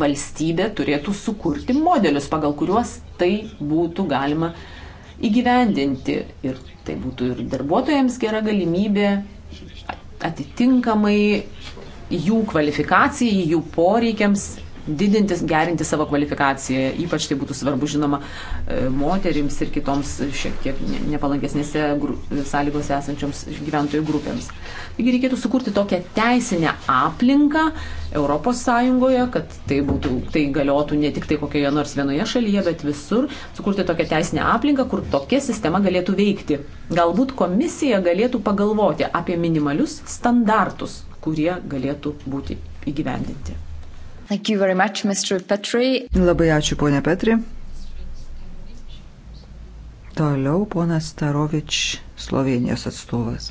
valstybė turėtų sukurti modelius, pagal kuriuos tai būtų galima įgyvendinti. Ir tai būtų ir darbuotojams gera galimybė atitinkamai jų kvalifikacijai, jų poreikiams didinti, gerinti savo kvalifikaciją. Ypač tai būtų svarbu, žinoma, e, moterims ir kitoms šiek tiek nepalankesnėse sąlygose esančioms gyventojų grupėms. Taigi reikėtų sukurti tokią teisinę aplinką ES, kad tai, būtų, tai galiotų ne tik tai kokioje nors vienoje šalyje, bet visur, sukurti tokią teisinę aplinką, kur tokia sistema galėtų veikti. Galbūt komisija galėtų pagalvoti apie minimalius standartus, kurie galėtų būti įgyvendinti. Much, Labai ačiū, ponė Petri. Toliau ponas Starovič, Slovenijos atstovas.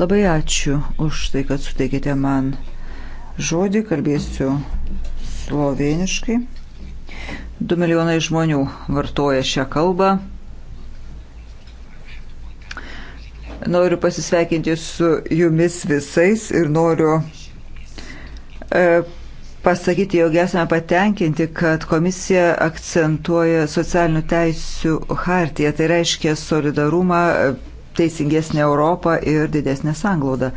Labai ačiū už tai, kad suteikėte man žodį, kalbėsiu sloveniškai. 2 milijonai žmonių vartoja šią kalbą. Noriu pasisveikinti su jumis visais ir noriu e, pasakyti, jog esame patenkinti, kad komisija akcentuoja socialinių teisių hartiją. Tai reiškia solidarumą, teisingesnę Europą ir didesnę sanglaudą.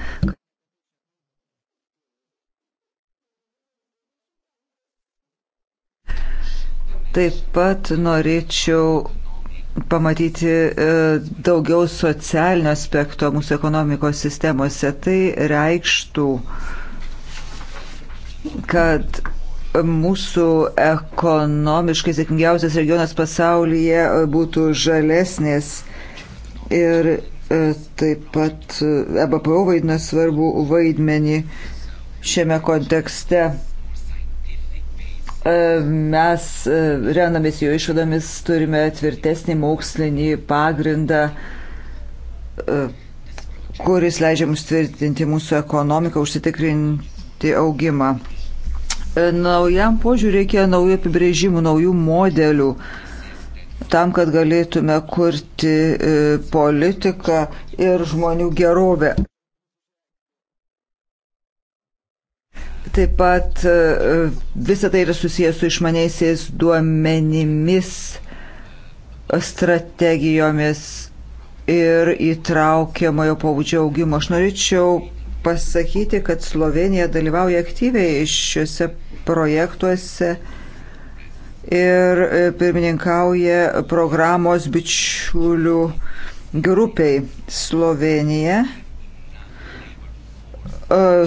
Taip pat norėčiau pamatyti e, daugiau socialinio aspekto mūsų ekonomikos sistemose. Tai reikštų, kad mūsų ekonomiškai sėkmingiausias regionas pasaulyje būtų žalesnės ir e, taip pat EBPO e vaidina svarbu vaidmenį šiame kontekste. E, mes e, remiamės jo išvadomis, turime tvirtesnį mokslinį pagrindą, e, kuris leidžia mums tvirtinti mūsų ekonomiką, užsitikrinti augimą. Naujam požiūrį reikia naujų apibrėžimų, naujų modelių tam, kad galėtume kurti politiką ir žmonių gerovę. Taip pat e, visą tai yra susijęs su išmaniaisiais duomenimis, strategijomis ir įtraukiamojo pobūdžio augimo. Aš norėčiau pasakyti, kad Slovenija dalyvauja aktyviai šiuose projektuose ir e, pirmininkauja programos bičiulių grupiai Slovenija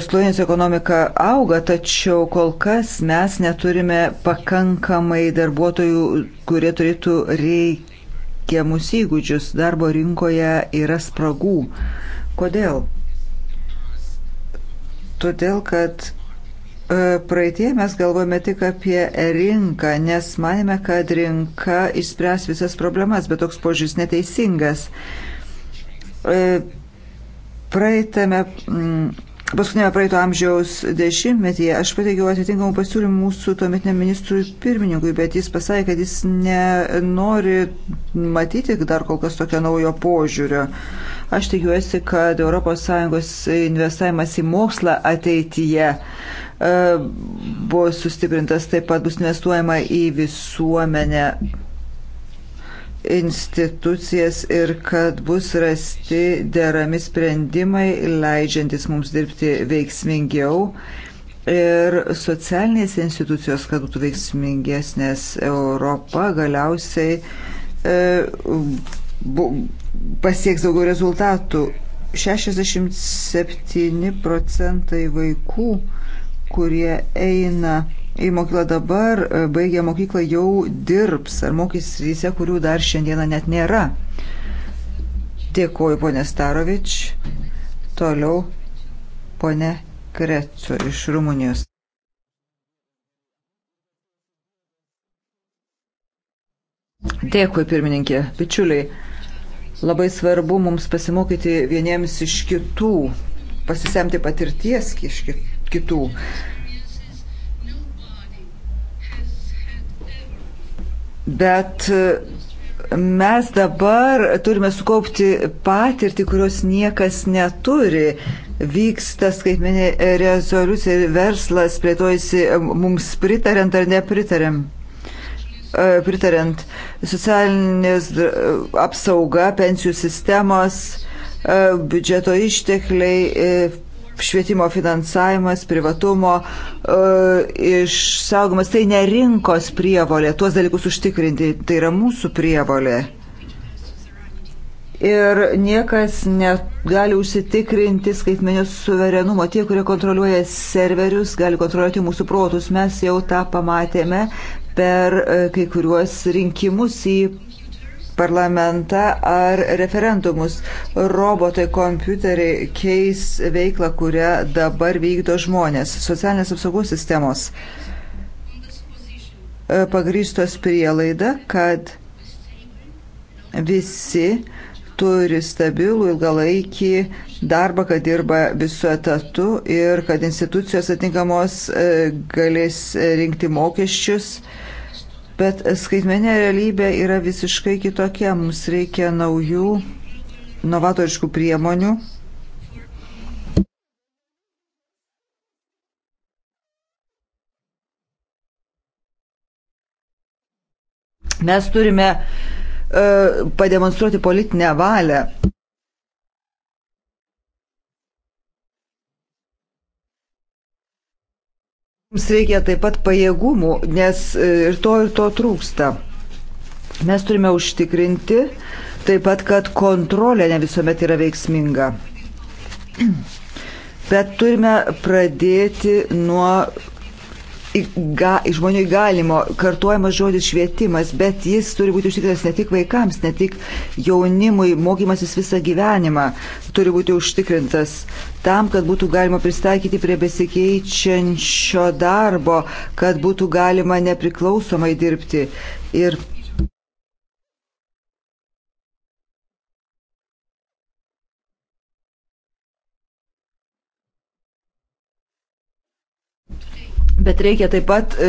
Slovenijos ekonomika auga, tačiau kol kas mes neturime pakankamai darbuotojų, kurie turėtų reikiamus įgūdžius. Darbo rinkoje yra spragų. Kodėl? Todėl, kad e, praeitie mes galvojame tik apie rinką, nes manėme, kad rinka išspręs visas problemas, bet toks požiūris neteisingas. E, praeitame. Mm, paskutinėme praeito amžiaus dešimtmetyje aš pateikiau atitinkamų pasiūlymų mūsų tuometiniam ministrui pirmininkui, bet jis pasakė, kad jis nenori matyti dar kol kas tokio naujo požiūrio. Aš tikiuosi, kad ES investavimas į mokslą ateityje e, bus sustiprintas, taip pat bus investuojama į visuomenę institucijas ir kad bus rasti derami sprendimai, leidžiantis mums dirbti veiksmingiau ir socialinės institucijos, kad būtų veiksmingesnės Europa galiausiai e, bu, pasieks daugiau rezultatų. 67 procentai vaikų, kurie eina į mokyklą dabar, e, baigę mokyklą, jau dirbs ar mokys ryse, kurių dar šiandieną net nėra. Dėkuoju, ponė Starovič. Toliau ponė Krecu iš Rumunijos. Dėkui, pirmininkė. Bičiuliai, labai svarbu mums pasimokyti vieniems iš kitų, pasisemti patirties iš kitų. Bet e, mes dabar turime sukaupti patirtį, kurios niekas neturi. Vyksta skaitmenė rezoliucija ir verslas plėtojasi e, mums pritarent ar nepritarent pritariant socialinės e, apsauga, pensijų sistemos, biudžeto ištekliai, švietimo finansavimas, privatumo e, išsaugomas, tai ne rinkos prievolė, tuos dalykus užtikrinti, tai yra mūsų prievolė. Ir niekas negali užsitikrinti skaitmenio suverenumo. Tie, kurie kontroliuoja serverius, gali kontroliuoti mūsų protus. Mes jau tą pamatėme per e, kai kuriuos rinkimus į parlamentą ar referendumus. Robotai, kompiuteriai keis veiklą, kurią dabar vykdo žmonės. Socialinės apsaugos sistemos e, pagrįstos prielaida, kad visi turi stabilų ilgalaikį darbą, kad dirba visų etatų ir kad institucijos atinkamos e, galės rinkti mokesčius Bet skaitmenė realybė yra visiškai kitokia. Mums reikia naujų, novatoriškų priemonių. Mes turime uh, pademonstruoti politinę valią. Mums reikia taip pat pajėgumų, nes e, ir to ir to trūksta. Mes turime užtikrinti taip pat, kad kontrolė ne visuomet yra veiksminga. Bet turime pradėti nuo įga, žmonių įgalimo, kartuojamas žodis švietimas, bet jis turi būti užtikrintas ne tik vaikams, ne tik jaunimui, mokymasis visą gyvenimą turi būti užtikrintas tam, kad būtų galima pristaikyti prie besikeičiančio darbo, kad būtų galima nepriklausomai dirbti. Ir Bet reikia taip pat e,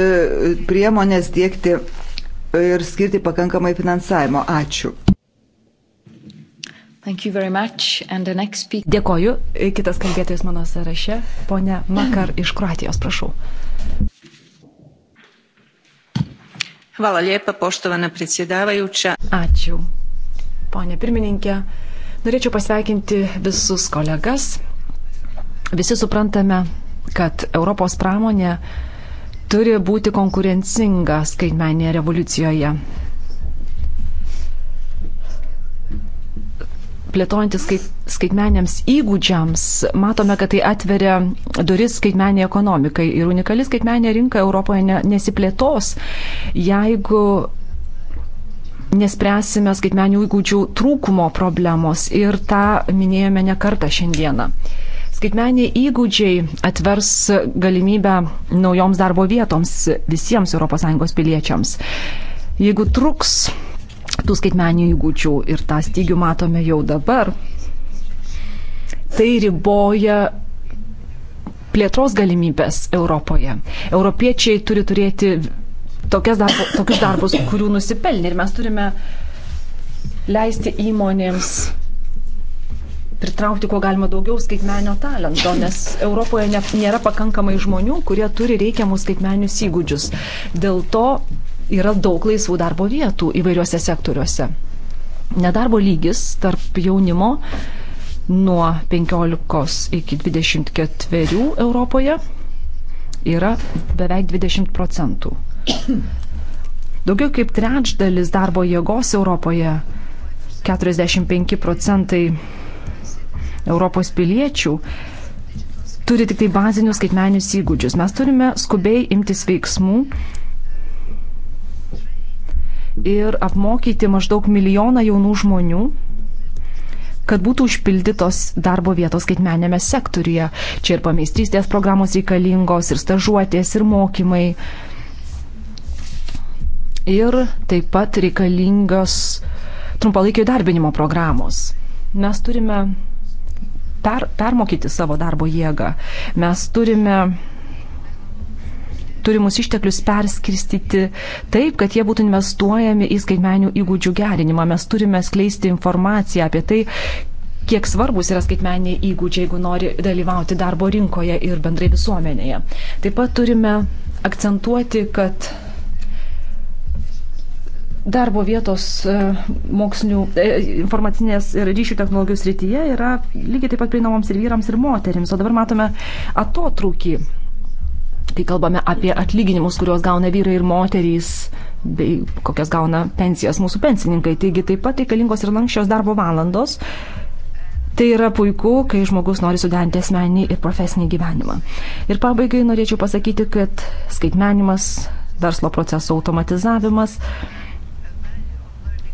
priemonės dėkti ir skirti pakankamai finansavimo. Ačiū. Next... Dėkoju. Kitas kalbėtojas mano sąraše. Pone Makar iš Kroatijos, prašau. Hvala lijepa, poštovana predsjedavajuća. Ačiū. Pone pirmininkė, norėčiau pasveikinti visus kolegas. Visi suprantame, kad Europos pramonė turi būti konkurencinga skaitmenėje revoliucijoje. Plėtojantis skait, skaitmeniams įgūdžiams, matome, kad tai atveria duris skaitmeniai ekonomikai ir unikali skaitmenė rinka Europoje ne, nesiplėtos, jeigu nespręsime skaitmenių įgūdžių trūkumo problemos ir tą minėjome ne kartą šiandieną. Skaitmeniai įgūdžiai atvers galimybę naujoms darbo vietoms visiems ES piliečiams. Jeigu truks tų skaitmeninių įgūdžių ir tą stygių matome jau dabar, tai riboja plėtros galimybės Europoje. Europiečiai turi turėti darbo, tokius darbus, kurių nusipelnė ir mes turime leisti įmonėms pritraukti kuo galima daugiau skaitmeninio talento, nes Europoje ne, nėra pakankamai žmonių, kurie turi reikiamus skaitmeninius įgūdžius. Dėl to yra daug laisvų darbo vietų įvairiuose sektoriuose. Nedarbo lygis tarp jaunimo nuo 15 iki 24 Europoje yra beveik 20 procentų. Daugiau kaip trečdalis darbo jėgos Europoje, 45 procentai Europos piliečių turi tik tai bazinius skaitmeninius įgūdžius. Mes turime skubiai imtis veiksmų ir apmokyti maždaug milijoną jaunų žmonių kad būtų užpildytos darbo vietos skaitmenėme sektoriuje. Čia ir pameistrystės programos reikalingos, ir stažuotės, ir mokymai. Ir taip pat reikalingos trumpalaikio darbinimo programos. Mes turime per, permokyti savo darbo jėgą. Mes turime turimus išteklius perskirstyti taip, kad jie būtų investuojami į skaitmenių įgūdžių gerinimą. Mes turime skleisti informaciją apie tai, kiek svarbus yra skaitmeniai įgūdžiai, jeigu nori dalyvauti darbo rinkoje ir bendrai visuomenėje. Taip pat turime akcentuoti, kad darbo vietos e, mokslinių, e, informacinės ir ryšių technologijų srityje yra lygiai taip pat prieinamoms ir vyrams, ir moterims. O dabar matome atotrūkį, kai kalbame apie atlyginimus, kuriuos gauna vyrai ir moterys, bei kokias gauna pensijas mūsų pensininkai. Taigi taip pat reikalingos ir lankščios darbo valandos. Tai yra puiku, kai žmogus nori suderinti asmeninį ir profesinį gyvenimą. Ir pabaigai norėčiau pasakyti, kad skaitmenimas, verslo proceso automatizavimas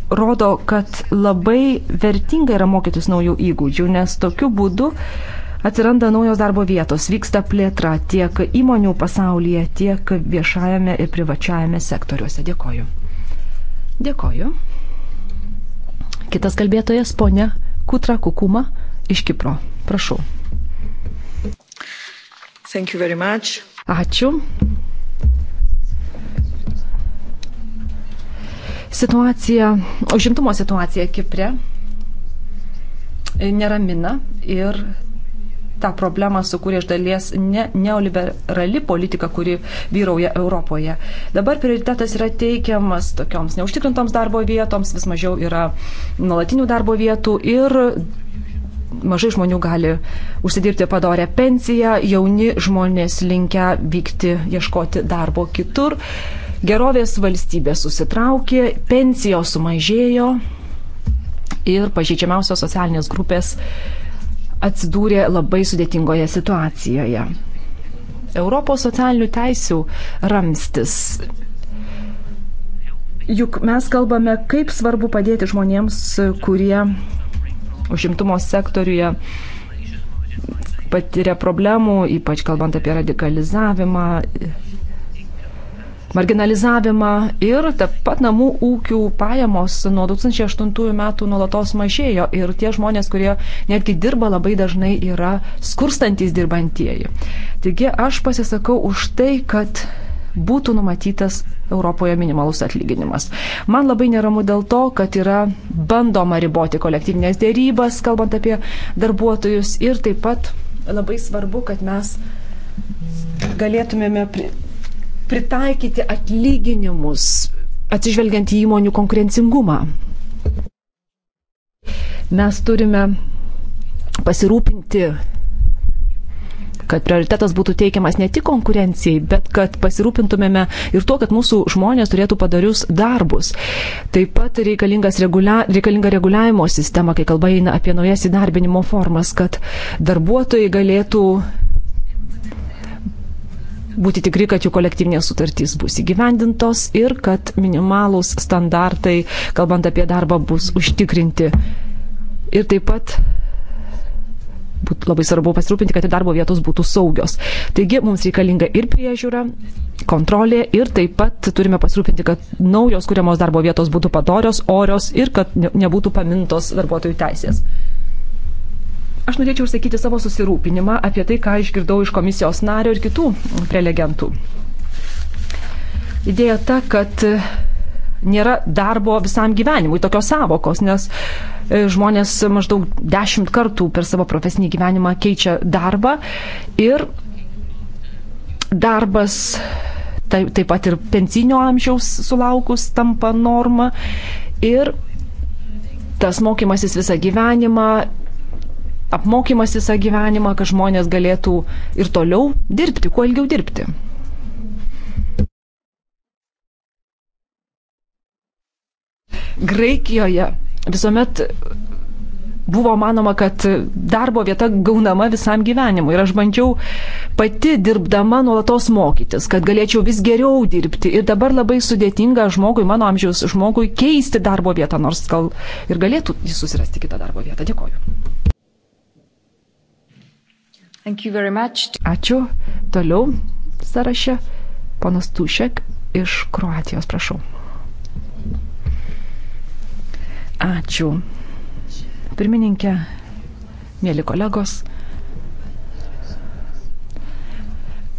rodo, kad labai vertinga yra mokytis naujų įgūdžių, nes tokiu būdu atsiranda naujos darbo vietos, vyksta plėtra tiek įmonių pasaulyje, tiek viešajame ir privačiajame sektoriuose. Dėkoju. Dėkoju. Kitas kalbėtojas, ponia Kutra Kukuma iš Kipro. Prašau. Ačiū. Situacija, užimtumo situacija Kipre e, neramina ir tą problemą sukūrė iš dalies ne, neoliberali politika, kuri vyrauja Europoje. Dabar prioritetas yra teikiamas tokioms neužtikrintoms darbo vietoms, vis mažiau yra nuolatinių darbo vietų ir mažai žmonių gali užsidirbti padorę pensiją, jauni žmonės linkia vykti ieškoti darbo kitur. Uh, Gerovės valstybė susitraukė, pensijos sumažėjo ir pažeidžiamiausios socialinės grupės atsidūrė labai sudėtingoje situacijoje. Europos socialinių teisių ramstis. Juk mes kalbame, kaip svarbu padėti žmonėms, kurie užimtumo sektoriuje patiria problemų, ypač kalbant apie radikalizavimą, marginalizavimą ir taip pat namų ūkių pajamos nuo 2008 metų nuolatos mažėjo ir tie žmonės, kurie netgi dirba labai dažnai yra skurstantis dirbantieji. Taigi aš pasisakau už tai, kad būtų numatytas Europoje minimalus atlyginimas. Man labai neramu dėl to, kad yra bandoma riboti kolektyvinės dėrybas, kalbant apie darbuotojus ir taip pat labai svarbu, kad mes galėtumėme pritaikyti atlyginimus atsižvelgiant į įmonių konkurencingumą. Mes turime pasirūpinti, kad prioritetas būtų teikiamas ne tik konkurencijai, bet kad pasirūpintumėme ir tuo, kad mūsų žmonės turėtų padarius darbus. Taip pat regulia, reikalinga reguliavimo sistema, kai kalba eina apie naujas įdarbinimo formas, kad darbuotojai galėtų būti tikri, kad jų kolektyvinės sutartys bus įgyvendintos ir kad minimalūs standartai, kalbant apie darbą, bus užtikrinti. Ir taip pat būtų labai svarbu pasirūpinti, kad ir darbo vietos būtų saugios. Taigi mums reikalinga ir priežiūra, kontrolė ir taip pat turime pasirūpinti, kad naujos kuriamos darbo vietos būtų padorios, orios ir kad nebūtų pamintos darbuotojų teisės. Aš norėčiau išsakyti savo susirūpinimą apie tai, ką išgirdau iš komisijos nario ir kitų prelegentų. Idėja ta, kad e, nėra darbo visam gyvenimui tokios savokos, nes e, žmonės maždaug dešimt kartų per savo profesinį gyvenimą keičia darbą ir darbas taip, taip pat ir pensinio amžiaus sulaukus tampa norma ir tas mokymasis visą gyvenimą apmokymas visą gyvenimą, kad žmonės galėtų ir toliau dirbti, kuo ilgiau dirbti. Graikijoje visuomet buvo manoma, kad darbo vieta gaunama visam gyvenimui. Ir aš bandžiau pati dirbdama nuolatos mokytis, kad galėčiau vis geriau dirbti. Ir dabar labai sudėtinga žmogui, mano amžiaus žmogui, keisti darbo vietą, nors gal ir galėtų jis susirasti kitą darbo vietą. Dėkoju. Ačiū. Toliau sąraše ponas Tušek iš Kroatijos, prašau. Ačiū. Pirmininkė, mėly kolegos.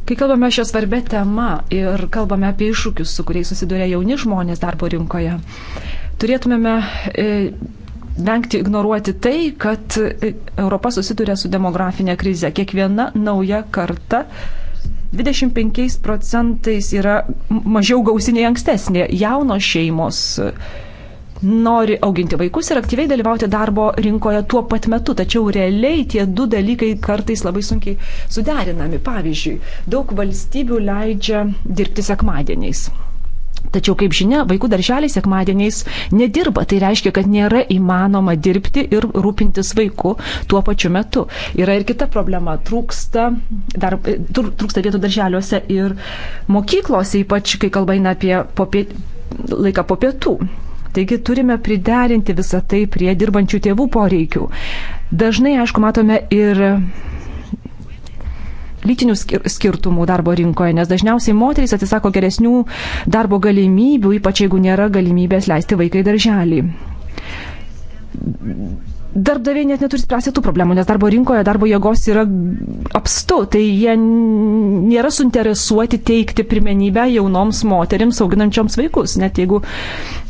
Kai kalbame šią svarbę temą ir kalbame apie iššūkius, su kuriais susiduria jauni žmonės darbo rinkoje, turėtumėme e, vengti ignoruoti tai, kad Europa susiduria su demografinė krize. Kiekviena nauja karta 25 procentais yra mažiau gausi nei ankstesnė. Jaunos šeimos nori auginti vaikus ir aktyviai dalyvauti darbo rinkoje tuo pat metu, tačiau realiai tie du dalykai kartais labai sunkiai suderinami. Pavyzdžiui, daug valstybių leidžia dirbti sekmadieniais Tačiau, kaip žinia, vaikų darželiai sekmadieniais nedirba. Tai reiškia, kad nėra įmanoma dirbti ir rūpintis vaiku tuo pačiu metu. Yra ir kita problema. Trūksta, dar, trūksta vietų darželiuose ir mokyklose, ypač kai kalba eina apie popiet, laiką po pietų. Taigi turime priderinti visą tai prie dirbančių tėvų poreikių. Dažnai, aišku, matome ir lytinių skirtumų darbo rinkoje, nes dažniausiai moterys atsisako geresnių darbo galimybių, ypač jeigu nėra galimybės leisti vaikai darželį. Darbdaviai net neturi spręsti tų problemų, nes darbo rinkoje darbo jėgos yra apstu, tai jie nėra suinteresuoti teikti pirmenybę jaunoms moterims auginančioms vaikus, net jeigu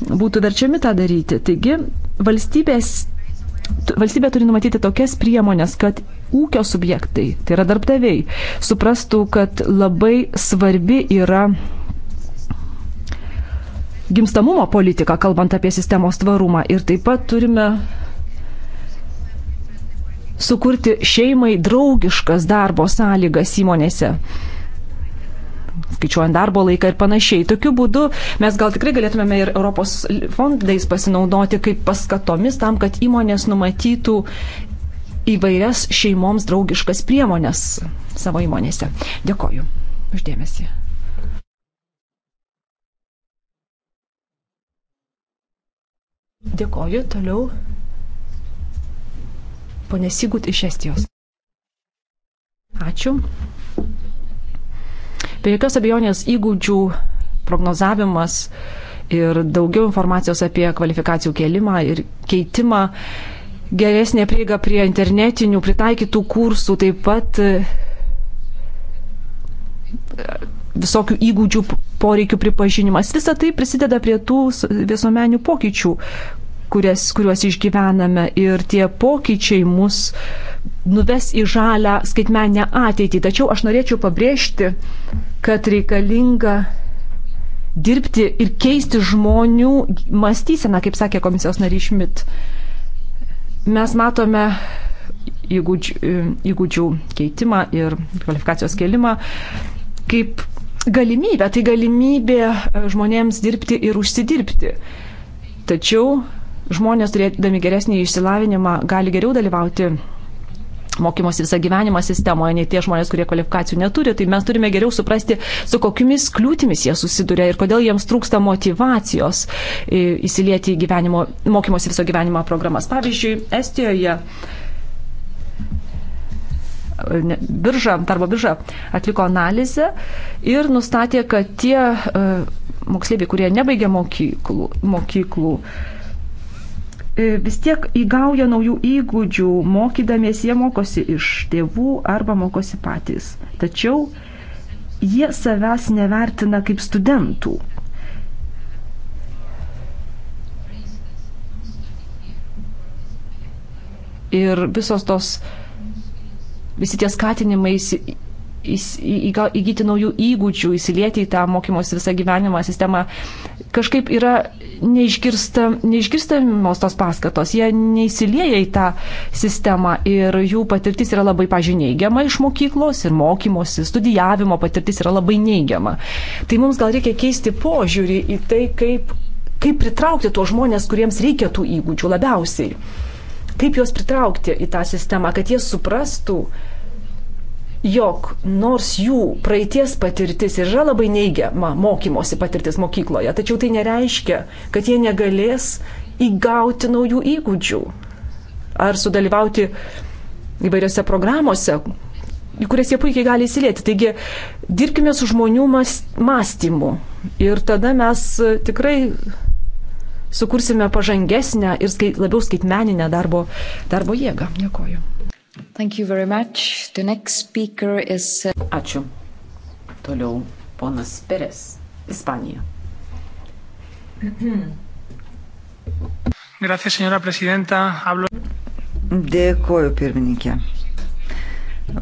būtų verčiami tą daryti. Taigi valstybės, valstybė turi numatyti tokias priemonės, kad ūkio subjektai, tai yra darbdaviai, suprastų, kad labai svarbi yra gimstamumo politika, kalbant apie sistemos tvarumą. Ir taip pat turime sukurti šeimai draugiškas darbo sąlygas įmonėse skaičiuojant darbo laiką ir panašiai. Tokiu būdu mes gal tikrai galėtumėme ir Europos fondais pasinaudoti kaip paskatomis tam, kad įmonės numatytų įvairias šeimoms draugiškas priemonės savo įmonėse. Dėkoju uždėmesi. Dėkoju, toliau. Pone Sigut iš Estijos. Ačiū. Be jokios abejonės įgūdžių prognozavimas ir daugiau informacijos apie kvalifikacijų kelimą ir keitimą geresnė prieiga prie internetinių pritaikytų kursų, taip pat e, visokių įgūdžių poreikių pripažinimas. Visa tai prisideda prie tų visuomenių pokyčių, kurias, kuriuos išgyvename ir tie pokyčiai mus nuves į žalę skaitmenę ateitį. Tačiau aš norėčiau pabrėžti, kad reikalinga dirbti ir keisti žmonių mąstyseną, kaip sakė komisijos narys Šmit. Uh, Mes matome įgūdžių, įgūdžių keitimą ir kvalifikacijos kelimą kaip galimybę, tai galimybė žmonėms dirbti ir užsidirbti. Tačiau žmonės turėdami geresnį išsilavinimą gali geriau dalyvauti mokymosi visą gyvenimą sistemoje, nei tie žmonės, kurie kvalifikacijų neturi, tai mes turime geriau suprasti, su kokiamis kliūtimis jie susiduria ir kodėl jiems trūksta motivacijos e, įsilieti į gyvenimo, mokymosi viso gyvenimo programas. Pavyzdžiui, Estijoje e, birža, darbo birža atliko analizę ir nustatė, kad tie e, moksleiviai, kurie nebaigė mokyklų, mokyklų E, vis tiek įgauja naujų įgūdžių, mokydamiesi jie mokosi iš tėvų arba mokosi patys. Tačiau jie savęs nevertina kaip studentų. Ir visos tos, visi tie skatinimai įgyti naujų įgūdžių, įsilieti į tą mokymosi visą gyvenimą sistemą kažkaip yra neišgirsta, neišgirstamos tos paskatos, jie neįsilieja į tą sistemą ir jų patirtis yra labai pažineigiama iš mokyklos ir mokymosi, studijavimo patirtis yra labai neigiama. Tai mums gal reikia keisti požiūrį į tai, kaip, kaip pritraukti tuos žmonės, kuriems reikia tų įgūdžių labiausiai. Kaip juos pritraukti į tą sistemą, kad jie suprastų, jog nors jų praeities patirtis yra labai neigiama mokymosi patirtis mokykloje, tačiau tai nereiškia, kad jie negalės įgauti naujų įgūdžių ar sudalyvauti įvairiose programuose, į kurias jie puikiai gali įsilieti. Taigi dirbkime su žmonių mąstymu ir tada mes e, tikrai sukursime pažangesnę ir skait, labiau skaitmeninę darbo, darbo jėgą. Dėkoju. Is... Uh, Ačiū. Toliau ponas Peres, Ispanija. Gracias, señora presidenta. Hablo... Dėkuoju, pirmininkė.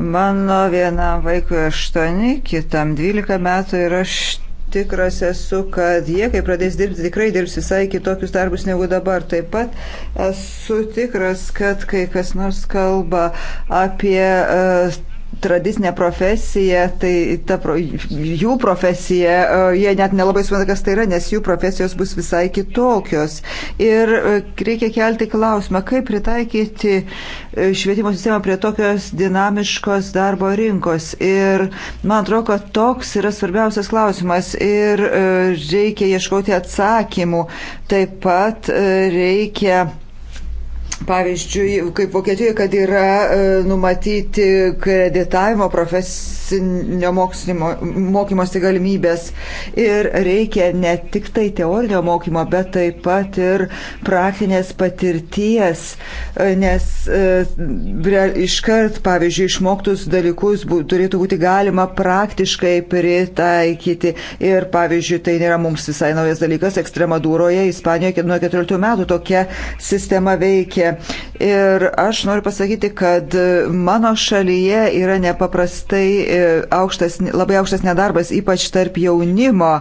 Mano vienam vaikui 8, kitam 12 metų ir aš tikras esu, kad jie, kai pradės dirbti, tikrai dirbs visai kitokius darbus negu dabar. Taip pat esu tikras, kad kai kas nors kalba apie uh, tradicinė profesija, tai ta, jų profesija, e, jie net nelabai supranta, kas tai yra, nes jų profesijos bus visai kitokios. Ir e, reikia kelti klausimą, kaip pritaikyti e, švietimo sistemą prie tokios dinamiškos darbo rinkos. Ir man atrodo, kad toks yra svarbiausias klausimas ir reikia ieškoti atsakymų. Taip pat reikia Pavyzdžiui, kaip Vokietijoje, kad yra e, numatyti kreditavimo profesinio mokymosi galimybės ir reikia ne tik tai teorinio mokymo, bet taip pat ir praktinės patirties, e, nes e, iškart, pavyzdžiui, išmoktus dalykus turėtų būti galima praktiškai pritaikyti ir, pavyzdžiui, tai nėra mums visai naujas dalykas, Ekstremadūroje, Ispanijoje nuo 14 metų tokia sistema veikia reikia. Ir aš noriu pasakyti, kad mano šalyje yra nepaprastai e, aukštas, labai aukštas nedarbas, ypač tarp jaunimo.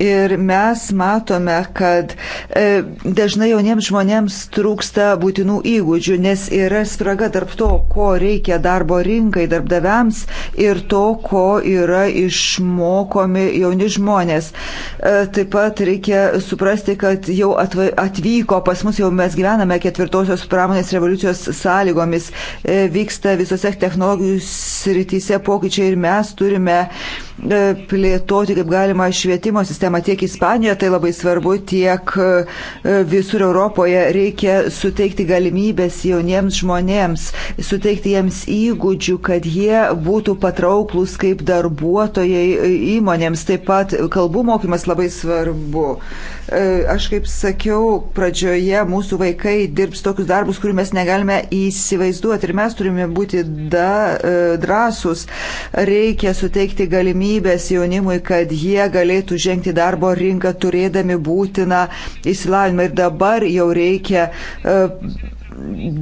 Ir mes matome, kad e, dažnai jauniems žmonėms trūksta būtinų įgūdžių, nes yra spraga tarp to, ko reikia darbo rinkai, darbdaviams ir to, ko yra išmokomi jauni žmonės. E, taip pat reikia suprasti, kad jau atvyko pas mus, jau mes gyvename ketvirtosios pramonės revoliucijos sąlygomis, e, vyksta visose technologijų srityse pokyčiai ir mes turime e, plėtoti kaip galima švietimo sistemą temą tiek Ispanijoje, tai labai svarbu, tiek e, visur Europoje. Reikia suteikti galimybės jauniems žmonėms, suteikti jiems įgūdžių, kad jie būtų patrauklus kaip darbuotojai e, įmonėms. Taip pat kalbų mokymas labai svarbu. E, aš kaip sakiau, pradžioje mūsų vaikai dirbs tokius darbus, kurių mes negalime įsivaizduoti ir mes turime būti da, drąsus. Reikia suteikti galimybės jaunimui, kad jie galėtų žengti darbo rinką turėdami būtiną įsilavinimą. Ir dabar jau reikia e,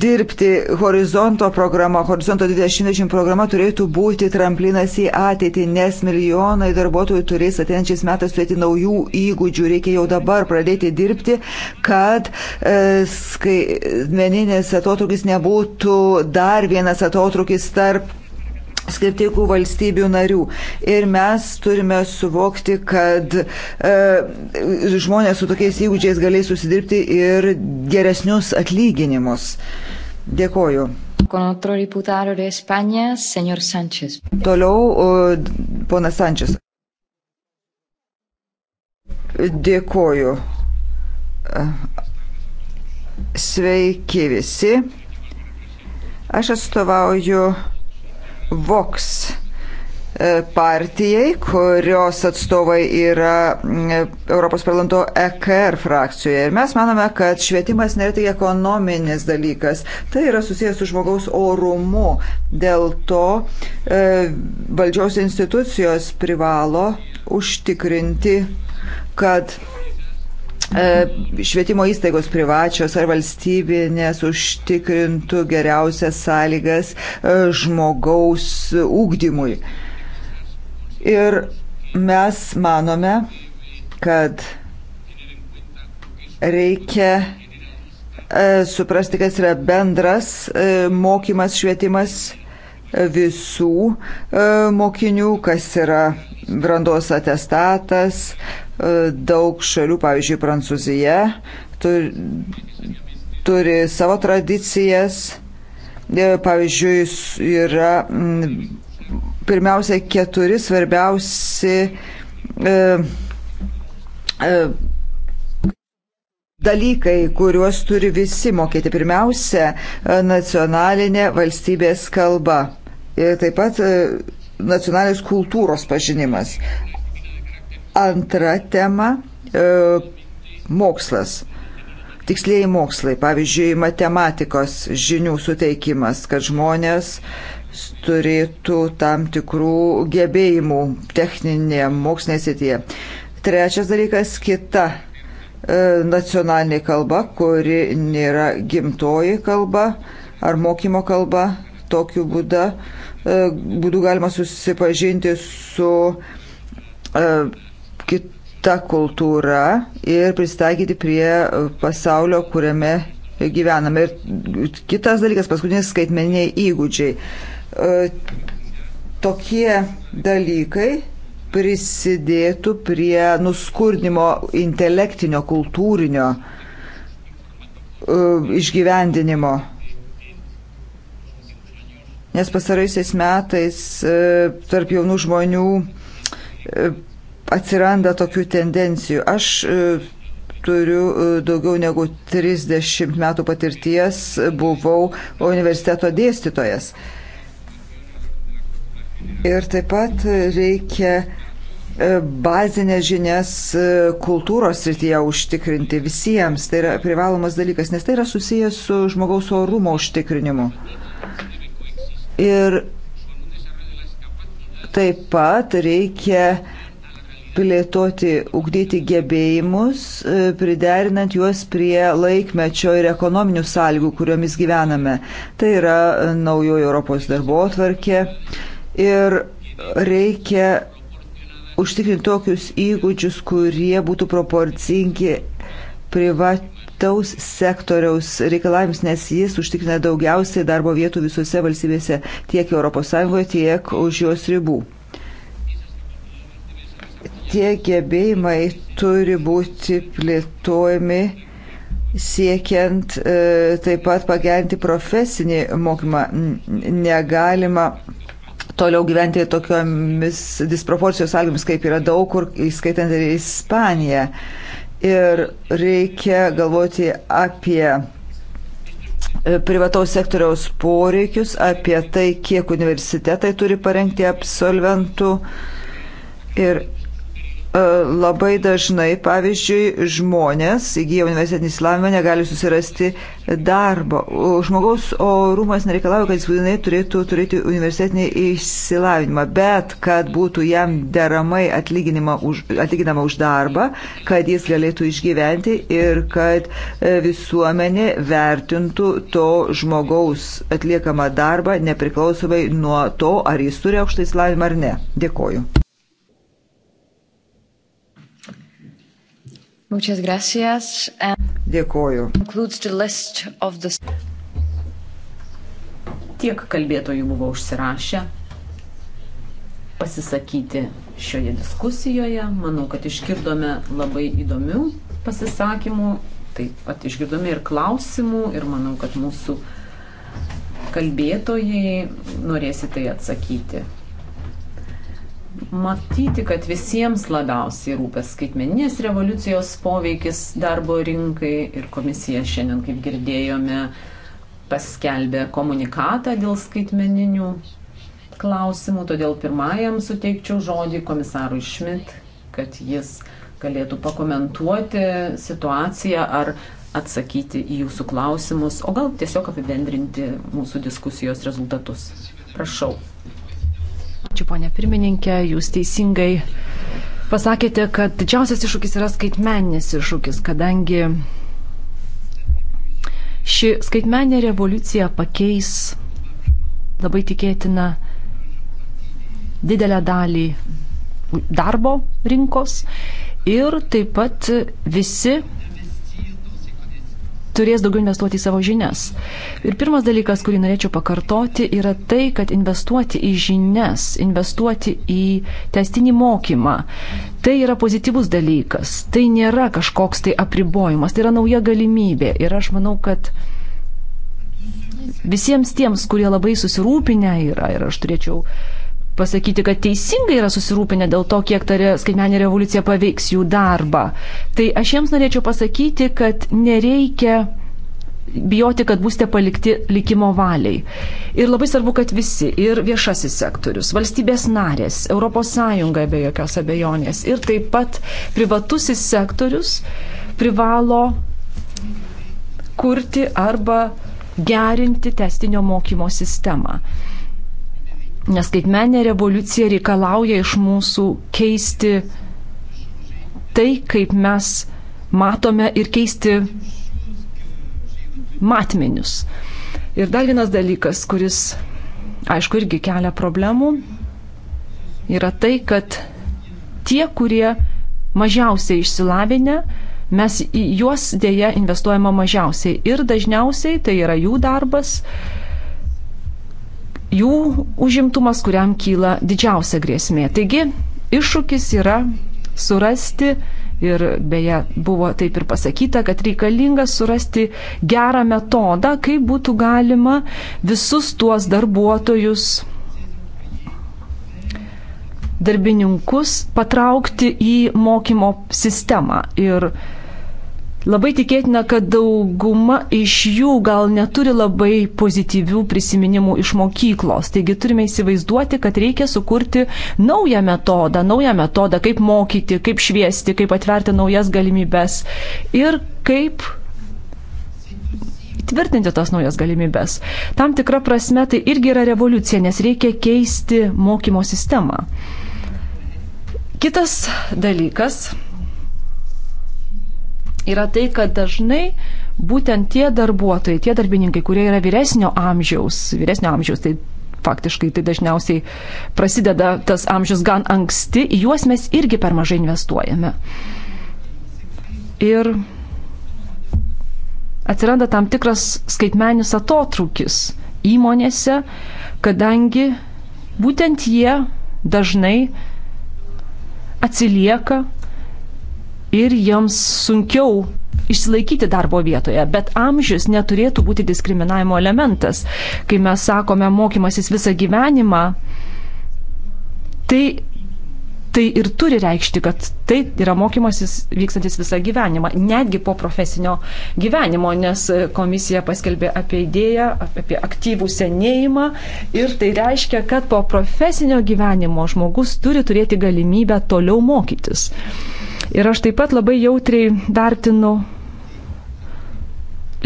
dirbti horizonto programa, horizonto 2020 programa turėtų būti tramplinas į ateitį, nes milijonai darbuotojų turės ateinančiais metais turėti naujų įgūdžių, reikia jau dabar pradėti dirbti, kad e, skaitmeninis atotrukis nebūtų dar vienas atotrukis tarp skirtingų valstybių narių. Ir mes turime suvokti, kad e, žmonės su tokiais įgūdžiais galės susidirbti ir geresnius atlyginimus. Dėkoju. España, Toliau ponas Sančias. Dėkoju. Sveiki visi. Aš atstovauju Vox e, partijai, kurios atstovai yra e, Europos parlamento EKR frakcijoje. Ir mes manome, kad švietimas nėra tik ekonominis dalykas, tai yra susijęs su žmogaus orumu. Dėl to e, valdžios institucijos privalo užtikrinti, kad E, švietimo įstaigos privačios ar valstybinės užtikrintų geriausias sąlygas e, žmogaus ūkdymui. Ir mes manome, kad reikia e, suprasti, kas yra bendras mokymas, švietimas visų mokinių, kas yra brandos atestatas, Daug šalių, pavyzdžiui, Prancūzija, turi, turi savo tradicijas. E, pavyzdžiui, yra mm, pirmiausia keturi svarbiausi e, e, dalykai, kuriuos turi visi mokėti. Pirmiausia, e, nacionalinė valstybės kalba ir taip pat e, nacionalinės kultūros pažinimas. Antra tema e, - mokslas. Tikslėjai mokslai, pavyzdžiui, matematikos žinių suteikimas, kad žmonės turėtų tam tikrų gebėjimų techninėje, mokslinėje srityje. Trečias dalykas - kita e, nacionalinė kalba, kuri nėra gimtoji kalba ar mokymo kalba. Tokiu būdu, e, būdu galima susipažinti su kita kultūra ir pristaikyti prie pasaulio, kuriame gyvename. Ir kitas dalykas, paskutinis skaitmeniniai įgūdžiai. E, tokie dalykai prisidėtų prie nuskurdimo intelektinio, kultūrinio e, išgyvendinimo. Nes pasaraisiais metais e, tarp jaunų žmonių atsiranda tokių tendencijų. Aš e, turiu e, daugiau negu 30 metų patirties, buvau universiteto dėstytojas. Ir taip pat reikia e, bazinės žinias kultūros srityje užtikrinti visiems. Tai yra privalomas dalykas, nes tai yra susijęs su žmogaus orumo užtikrinimu. Ir taip pat reikia uh, plėtoti, ugdyti gebėjimus, e, priderinant juos prie laikmečio ir ekonominių sąlygų, kuriomis gyvename. Tai yra e, naujojo Europos darbo atvarkė ir reikia užtikrinti tokius įgūdžius, kurie būtų proporcingi privataus sektoriaus reikalavimus, nes jis užtikrina daugiausiai darbo vietų visose valstybėse, tiek ES, tiek už jos ribų tie gebėjimai turi būti plėtojami siekiant e, taip pat pagerinti profesinį mokymą. Negalima toliau gyventi tokiomis disproporcijos sąlygomis, kaip yra daug kur, įskaitant ir Ispaniją. Ir reikia galvoti apie e, privataus sektoriaus poreikius, apie tai, kiek universitetai turi parengti absolventų. Ir E, labai dažnai, pavyzdžiui, žmonės įgyję universitetinį įsilavinimą negali susirasti darbo. Žmogaus orumas nereikalauja, kad jis būtinai turėtų turėti universitetinį įsilavinimą, bet kad būtų jam deramai už, atlyginama už darbą, kad jis galėtų išgyventi ir kad e, visuomenė vertintų to žmogaus atliekamą darbą nepriklausomai nuo to, ar jis turi aukštą įsilavinimą ar ne. Dėkoju. Muchas gracias. Dėkoju. The... Tiek kalbėtojų buvo užsirašę pasisakyti šioje diskusijoje. Manau, kad išgirdome labai įdomių pasisakymų, taip pat išgirdome ir klausimų ir manau, kad mūsų kalbėtojai norėsite tai atsakyti matyti, kad visiems labiausiai rūpės skaitmeninės revoliucijos poveikis darbo rinkai ir komisija šiandien, kaip girdėjome, paskelbė komunikatą dėl skaitmeninių klausimų, todėl pirmajam suteikčiau žodį komisarui Šmit, kad jis galėtų pakomentuoti situaciją ar atsakyti į jūsų klausimus, o gal tiesiog apibendrinti mūsų diskusijos rezultatus. Prašau. Ačiū, ponė pirmininkė, jūs teisingai pasakėte, kad didžiausias iššūkis yra skaitmeninis iššūkis, kadangi ši skaitmeninė revoliucija pakeis labai tikėtina didelę dalį darbo rinkos ir taip pat visi turės daugiau investuoti į savo žinias. Ir pirmas dalykas, kurį norėčiau pakartoti, yra tai, kad investuoti į žinias, investuoti į testinį mokymą, tai yra pozityvus dalykas, tai nėra kažkoks tai apribojimas, tai yra nauja galimybė. Ir aš manau, kad visiems tiems, kurie labai susirūpinę yra, ir aš turėčiau pasakyti, kad teisingai yra susirūpinę dėl to, kiek ta skaitmeninė revoliucija paveiks jų darbą. Tai aš jiems norėčiau pasakyti, kad nereikia bijoti, kad būsite palikti likimo valiai. Ir labai svarbu, kad visi, ir viešasis sektorius, valstybės narės, ES be jokios abejonės, ir taip pat privatusis sektorius privalo kurti arba gerinti testinio mokymo sistemą. Nes skaitmenė revoliucija reikalauja iš mūsų keisti tai, kaip mes matome ir keisti matmenius. Ir dar vienas dalykas, kuris, aišku, irgi kelia problemų, yra tai, kad tie, kurie mažiausiai išsilavinę, mes į juos dėja investuojama mažiausiai. Ir dažniausiai tai yra jų darbas, jų užimtumas, kuriam kyla didžiausia grėsmė. Taigi, iššūkis yra surasti ir beje buvo taip ir pasakyta, kad reikalinga surasti gerą metodą, kaip būtų galima visus tuos darbuotojus, darbininkus patraukti į mokymo sistemą. Ir Labai tikėtina, kad dauguma iš jų gal neturi labai pozityvių prisiminimų iš mokyklos. Taigi turime įsivaizduoti, kad reikia sukurti naują metodą, naują metodą, kaip mokyti, kaip šviesti, kaip atverti naujas galimybes ir kaip tvirtinti tas naujas galimybes. Tam tikra prasme tai irgi yra revoliucija, nes reikia keisti mokymo sistemą. Kitas dalykas yra tai, kad dažnai būtent tie darbuotojai, tie darbininkai, kurie yra vyresnio amžiaus, vyresnio amžiaus, tai faktiškai tai dažniausiai prasideda tas amžius gan anksti, į juos mes irgi per mažai investuojame. Ir atsiranda tam tikras skaitmenis atotrūkis įmonėse, kadangi būtent jie dažnai atsilieka ir jiems sunkiau išsilaikyti darbo vietoje, bet amžius neturėtų būti diskriminavimo elementas. Kai mes sakome mokymasis visą gyvenimą, tai tai ir turi reikšti, kad tai yra mokymasis vykstantis visą gyvenimą, netgi po profesinio gyvenimo, nes komisija paskelbė apie idėją, apie aktyvų senėjimą ir tai reiškia, kad po profesinio gyvenimo žmogus turi turėti galimybę toliau mokytis. Ir aš taip pat labai jautriai vertinu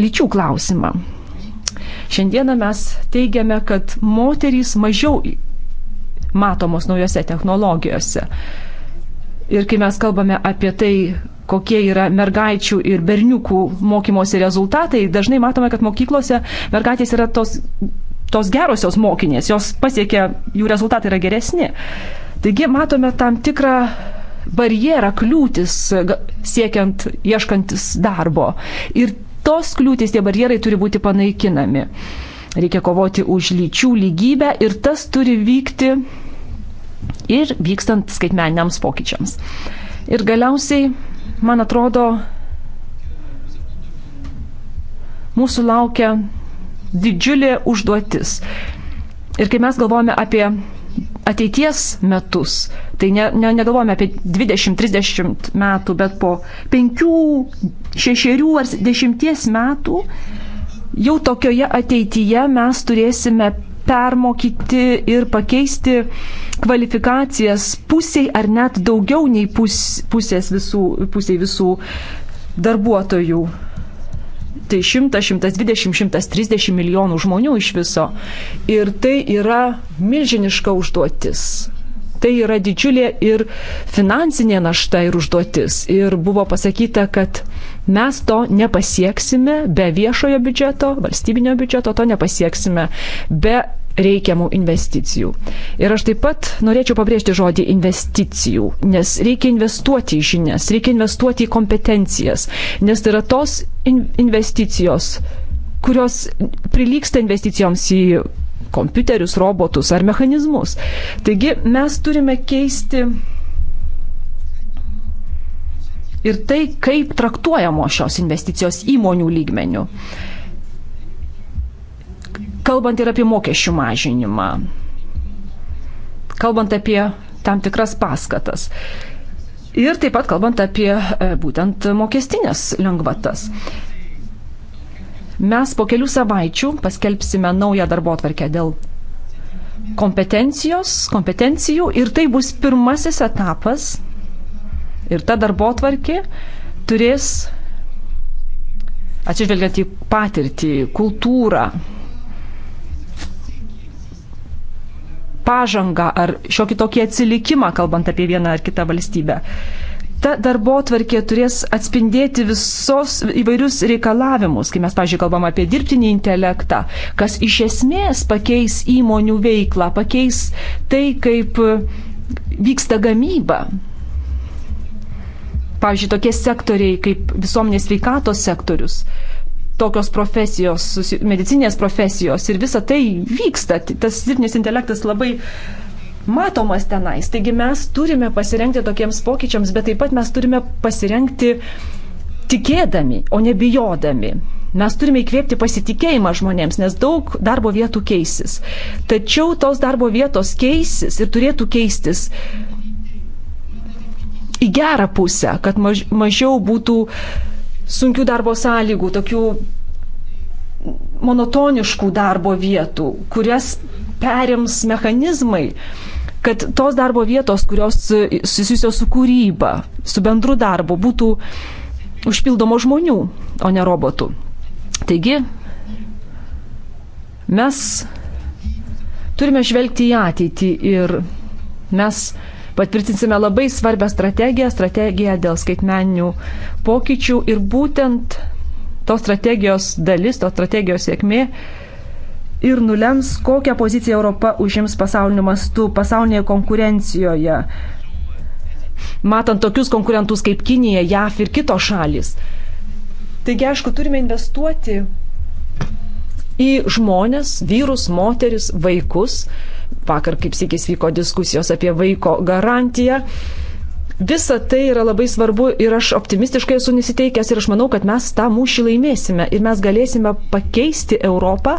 lyčių klausimą. Šiandieną mes teigiame, kad moterys mažiau matomos naujose technologijose. Ir kai mes kalbame apie tai, kokie yra mergaičių ir berniukų mokymosi rezultatai, dažnai matome, kad mokyklose mergaitės yra tos, tos gerosios mokinės, jos pasiekia, jų rezultatai yra geresni. Taigi matome tam tikrą barjerą, kliūtis siekiant, ieškantis darbo. Ir tos kliūtis, tie barjerai turi būti panaikinami. Reikia kovoti už lyčių lygybę ir tas turi vykti ir vykstant skaitmeniniams pokyčiams. Ir galiausiai, man atrodo, mūsų laukia didžiulė užduotis. Ir kai mes galvojame apie ateities metus. Tai ne, ne, negalvojame apie 20-30 metų, bet po 5-6 ar 10 metų jau tokioje ateityje mes turėsime permokyti ir pakeisti kvalifikacijas pusiai ar net daugiau nei pus, pusės visų, pusiai visų darbuotojų tai 100, 120, 130 milijonų žmonių iš viso. Ir tai yra milžiniška užduotis. Tai yra didžiulė ir finansinė našta ir užduotis. Ir buvo pasakyta, kad mes to nepasieksime be viešojo biudžeto, valstybinio biudžeto, to nepasieksime be reikiamų investicijų. Ir aš taip pat norėčiau pabrėžti žodį investicijų, nes reikia investuoti į žinias, reikia investuoti į kompetencijas, nes tai yra tos in investicijos, kurios prilyksta investicijoms į kompiuterius, robotus ar mechanizmus. Taigi mes turime keisti ir tai, kaip traktuojamos šios investicijos įmonių lygmenių kalbant ir apie mokesčių mažinimą, kalbant apie tam tikras paskatas. Ir taip pat kalbant apie e, būtent mokestinės lengvatas. Mes po kelių savaičių paskelbsime naują darbo atvarkę dėl kompetencijos, kompetencijų ir tai bus pirmasis etapas ir ta darbo atvarkė turės atsižvelgiant į patirtį, kultūrą, pažangą ar šiokį tokį atsilikimą, kalbant apie vieną ar kitą valstybę. Ta darbo tvarkė turės atspindėti visos įvairius reikalavimus, kai mes, pažiūrėjau, kalbam apie dirbtinį intelektą, kas iš esmės pakeis įmonių veiklą, pakeis tai, kaip e, vyksta gamyba, pavyzdžiui, tokie sektoriai kaip visuomenės veikatos sektorius, tokios profesijos, medicinės profesijos ir visa tai vyksta. Tas dirbtinis intelektas labai matomas tenais. Taigi mes turime pasirengti tokiems pokyčiams, bet taip pat mes turime pasirengti tikėdami, o ne bijodami. Mes turime įkvėpti pasitikėjimą žmonėms, nes daug darbo vietų keisis. Tačiau tos darbo vietos keisis ir turėtų keistis į gerą pusę, kad maž, mažiau būtų sunkių darbo sąlygų, tokių monotoniškų darbo vietų, kurias perims mechanizmai, kad tos darbo vietos, kurios susijusios su kūryba, su bendru darbu, būtų užpildomo žmonių, o ne robotų. Taigi, mes turime žvelgti į ateitį ir mes patvirtinsime labai svarbią strategiją, strategiją dėl skaitmeninių pokyčių ir būtent tos strategijos dalis, tos strategijos sėkmė ir nulems, kokią poziciją Europa užims pasauliniu mastu, pasaulinėje konkurencijoje. Matant tokius konkurentus kaip Kinija, JAF ir kitos šalis. Taigi, aišku, turime investuoti į žmonės, vyrus, moteris, vaikus, Vakar kaip sėkis vyko diskusijos apie vaiko garantiją. Visa tai yra labai svarbu ir aš optimistiškai esu nusiteikęs ir aš manau, kad mes tą mūšį laimėsime ir mes galėsime pakeisti Europą,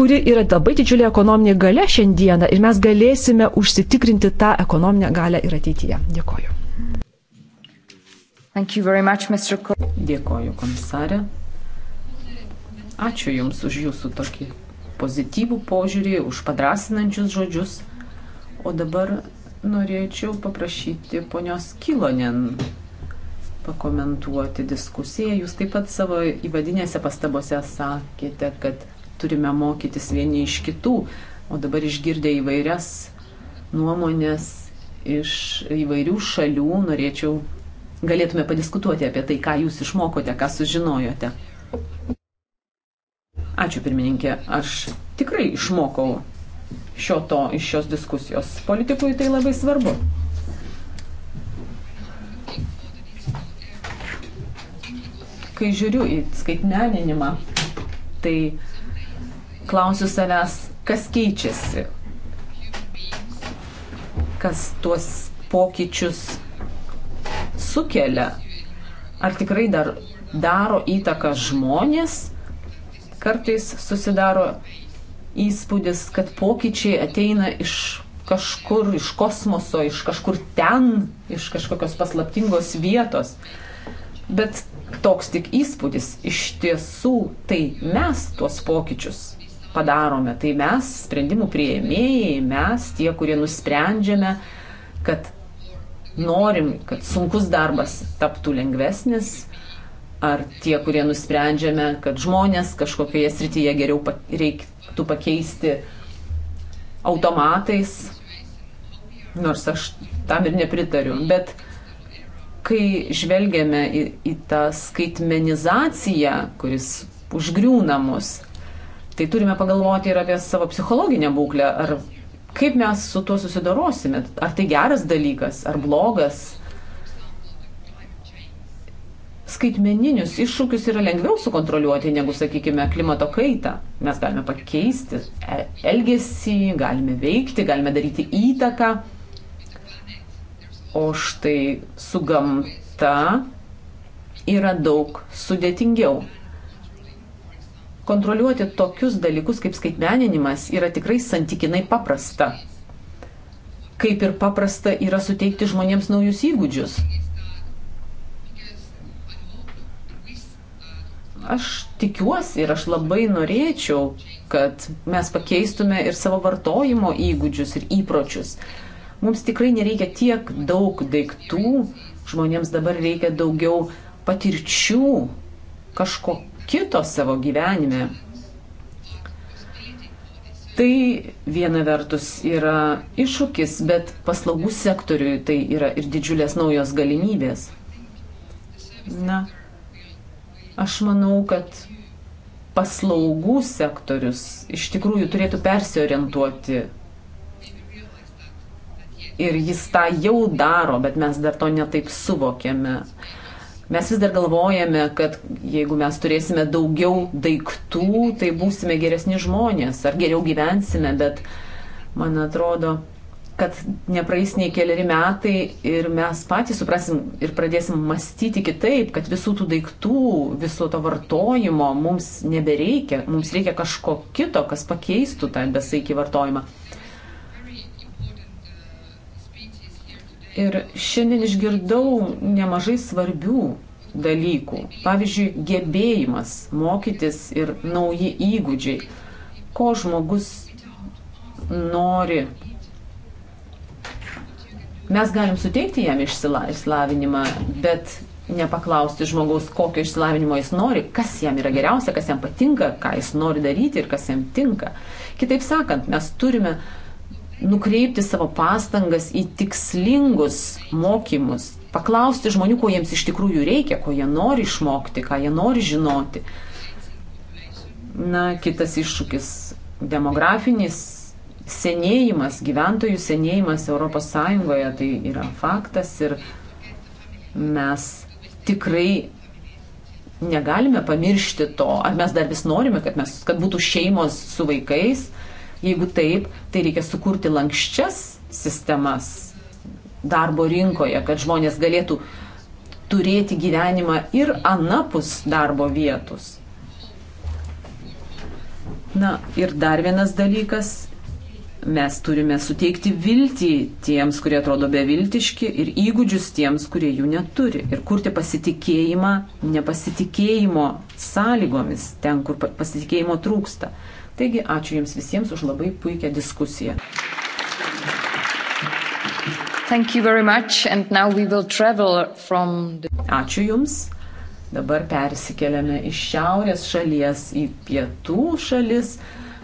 kuri yra labai didžiulė ekonominė gale šiandieną ir mes galėsime užsitikrinti tą ekonominę galę ir ateityje. Dėkoju. Much, Dėkoju, komisarė. Ačiū Jums už Jūsų tokį pozityvų požiūrį, už padrasinančius žodžius. O dabar norėčiau paprašyti ponios Kilonen pakomentuoti diskusiją. Jūs taip pat savo įvadinėse pastabose sakėte, kad turime mokytis vieni iš kitų, o dabar išgirdę įvairias nuomonės iš įvairių šalių, norėčiau, galėtume padiskutuoti apie tai, ką jūs išmokote, ką sužinojote. Ačiū pirmininkė, aš tikrai išmokau šio to iš šios diskusijos. Politikui tai labai svarbu. Kai žiūriu į skaitmeninimą, tai klausiu savęs, kas keičiasi, kas tuos pokyčius sukelia, ar tikrai dar daro įtaką žmonės, Kartais susidaro įspūdis, kad pokyčiai ateina iš kažkur, iš kosmoso, iš kažkur ten, iš kažkokios paslaptingos vietos. Bet toks tik įspūdis, iš tiesų tai mes tuos pokyčius padarome, tai mes sprendimų prieėmėjai, mes tie, kurie nusprendžiame, kad norim, kad sunkus darbas taptų lengvesnis, ar tie, kurie nusprendžiame, kad žmonės kažkokioje srityje geriau reiktų pakeisti automatais, nors aš tam ir nepritariu, bet kai žvelgiame į, į tą skaitmenizaciją, kuris užgriūna mus, tai turime pagalvoti ir apie savo psichologinę būklę, ar kaip mes su tuo susidorosime, ar tai geras dalykas, ar blogas, skaitmeninius iššūkius yra lengviau sukontroliuoti negu, sakykime, klimato kaitą. Mes galime pakeisti e, elgesį, galime veikti, galime daryti įtaką. O štai su gamta yra daug sudėtingiau. Kontroliuoti tokius dalykus kaip skaitmeninimas yra tikrai santykinai paprasta. Kaip ir paprasta yra suteikti žmonėms naujus įgūdžius Aš tikiuosi ir aš labai norėčiau, kad mes pakeistume ir savo vartojimo įgūdžius ir įpročius. Mums tikrai nereikia tiek daug daiktų, žmonėms dabar reikia daugiau patirčių, kažko kito savo gyvenime. Tai viena vertus yra iššūkis, bet paslaugų sektoriui tai yra ir didžiulės naujos galimybės. Na, Aš manau, kad paslaugų sektorius iš tikrųjų turėtų persiorientuoti. Ir jis tą jau daro, bet mes dar to netaip suvokiame. Mes vis dar galvojame, kad jeigu mes turėsime daugiau daiktų, tai būsime geresni žmonės ar geriau gyvensime, bet man atrodo, kad nepraeis nei keliari metai ir mes patys suprasim ir pradėsim mąstyti kitaip, kad visų tų daiktų, viso to vartojimo mums nebereikia, mums reikia kažko kito, kas pakeistų tą besaikį vartojimą. Ir šiandien išgirdau nemažai svarbių dalykų. Pavyzdžiui, gebėjimas mokytis ir nauji įgūdžiai. Ko žmogus nori Mes galim suteikti jam išsilavinimą, bet nepaklausti žmogaus, kokio išsilavinimo jis nori, kas jam yra geriausia, kas jam patinka, ką jis nori daryti ir kas jam tinka. Kitaip sakant, mes turime nukreipti savo pastangas į tikslingus mokymus, paklausti žmonių, ko jiems iš tikrųjų reikia, ko jie nori išmokti, ką jie nori žinoti. Na, kitas iššūkis - demografinis senėjimas, gyventojų senėjimas ES tai yra faktas ir mes tikrai negalime pamiršti to, ar mes dar vis norime, kad, mes, kad būtų šeimos su vaikais. Jeigu taip, tai reikia sukurti lankščias sistemas darbo rinkoje, kad žmonės galėtų turėti gyvenimą ir anapus darbo vietos. Na ir dar vienas dalykas Mes turime suteikti viltį tiems, kurie atrodo beviltiški ir įgūdžius tiems, kurie jų neturi. Ir kurti pasitikėjimą nepasitikėjimo sąlygomis, ten, kur pasitikėjimo trūksta. Taigi ačiū Jums visiems už labai puikią diskusiją. The... Ačiū Jums. Dabar persikeliame iš šiaurės šalies į pietų šalis.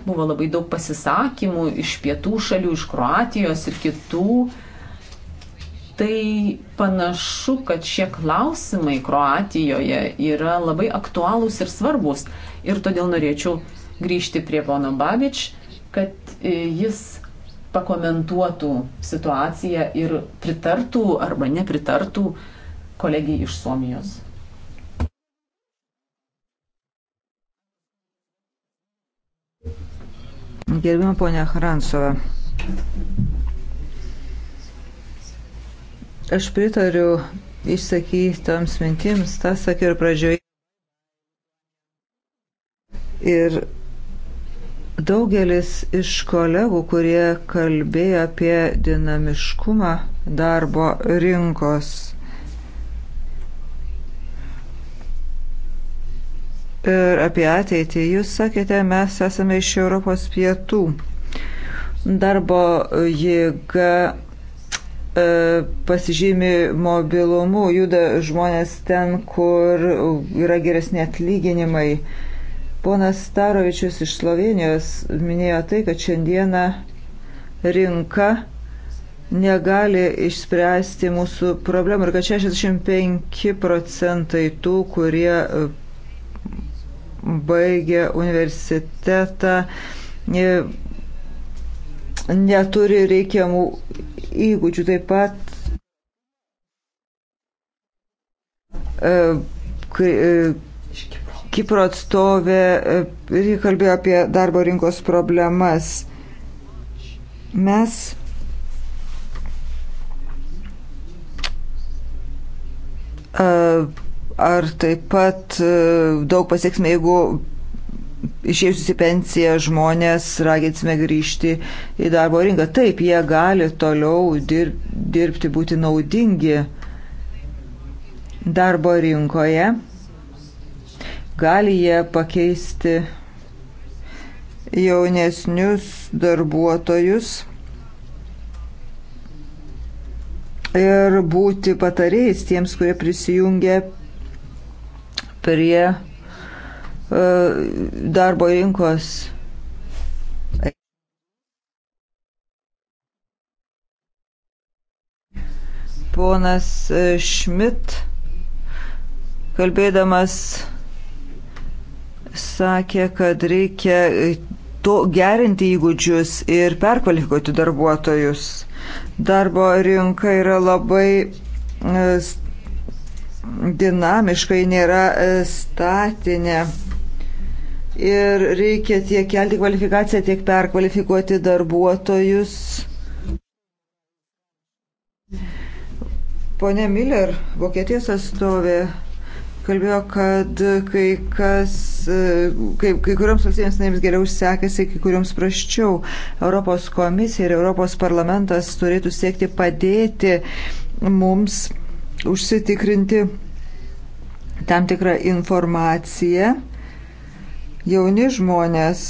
Buvo labai daug pasisakymų iš pietų šalių, iš Kroatijos ir kitų. Tai panašu, kad šie klausimai Kroatijoje yra labai aktualūs ir svarbus. Ir todėl norėčiau grįžti prie pono Babič, kad e, jis pakomentuotų situaciją ir pritartų arba nepritartų kolegijai iš Suomijos. Gerbima ponia Hransova. Aš pritariu išsakytoms mintims, tą sakiau ir pradžioje. Ir daugelis iš kolegų, kurie kalbėjo apie dinamiškumą darbo rinkos, ir apie ateitį. Jūs sakėte, mes esame iš Europos pietų. Darbo jėga e, pasižymi mobilumu, juda žmonės ten, kur yra geresni atlyginimai. Ponas Starovičius iš Slovenijos minėjo tai, kad šiandieną rinka negali išspręsti mūsų problemų ir kad 65 procentai tų, kurie baigę universitetą e, neturi reikiamų įgūdžių. Taip pat e, e, Kipro atstovė irgi kalbėjo apie darbo rinkos problemas. Mes Ar taip pat e, daug pasieksime, jeigu išėjusius į pensiją žmonės raginsime grįžti į darbo rinką. Taip, jie gali toliau dirb, dirbti, būti naudingi darbo rinkoje. Gali jie pakeisti jaunesnius darbuotojus ir būti patarėjais tiems, kurie prisijungia prie e, darbo rinkos. Ponas e, Šmit, kalbėdamas, sakė, kad reikia e, to gerinti įgūdžius ir perkvalifikuoti darbuotojus. Darbo rinka yra labai dinamiškai, nėra e, statinė. Ir reikia tiek kelti kvalifikaciją, tiek perkvalifikuoti darbuotojus. Pone Miller, Vokietijos atstovė, kalbėjo, kad kai, kas, e, kai, kai kuriuoms valstybėms naims geriau sekasi, kai kuriuoms praščiau. Europos komisija ir Europos parlamentas turėtų siekti padėti mums užsitikrinti tam tikrą informaciją. Jauni žmonės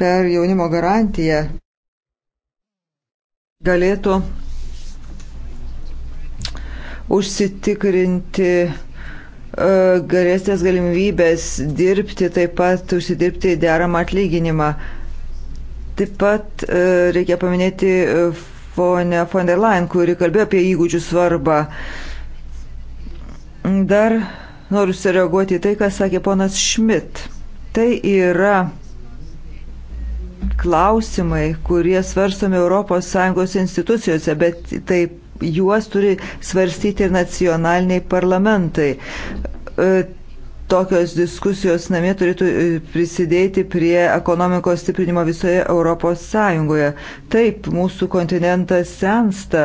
per jaunimo garantiją galėtų užsitikrinti e, geresnės galimybės dirbti, taip pat užsidirbti deramą atlyginimą. Taip pat e, reikia paminėti e, ponė von der Leyen, kuri kalbėjo apie įgūdžių svarbą. Dar noriu sureaguoti į tai, ką sakė ponas Šmit. Tai yra klausimai, kurie svarstomi ES institucijose, bet taip juos turi svarstyti ir nacionaliniai parlamentai e, tokios diskusijos namie turėtų e, prisidėti prie ekonomikos stiprinimo visoje Europos Sąjungoje. Taip, mūsų kontinentas sensta.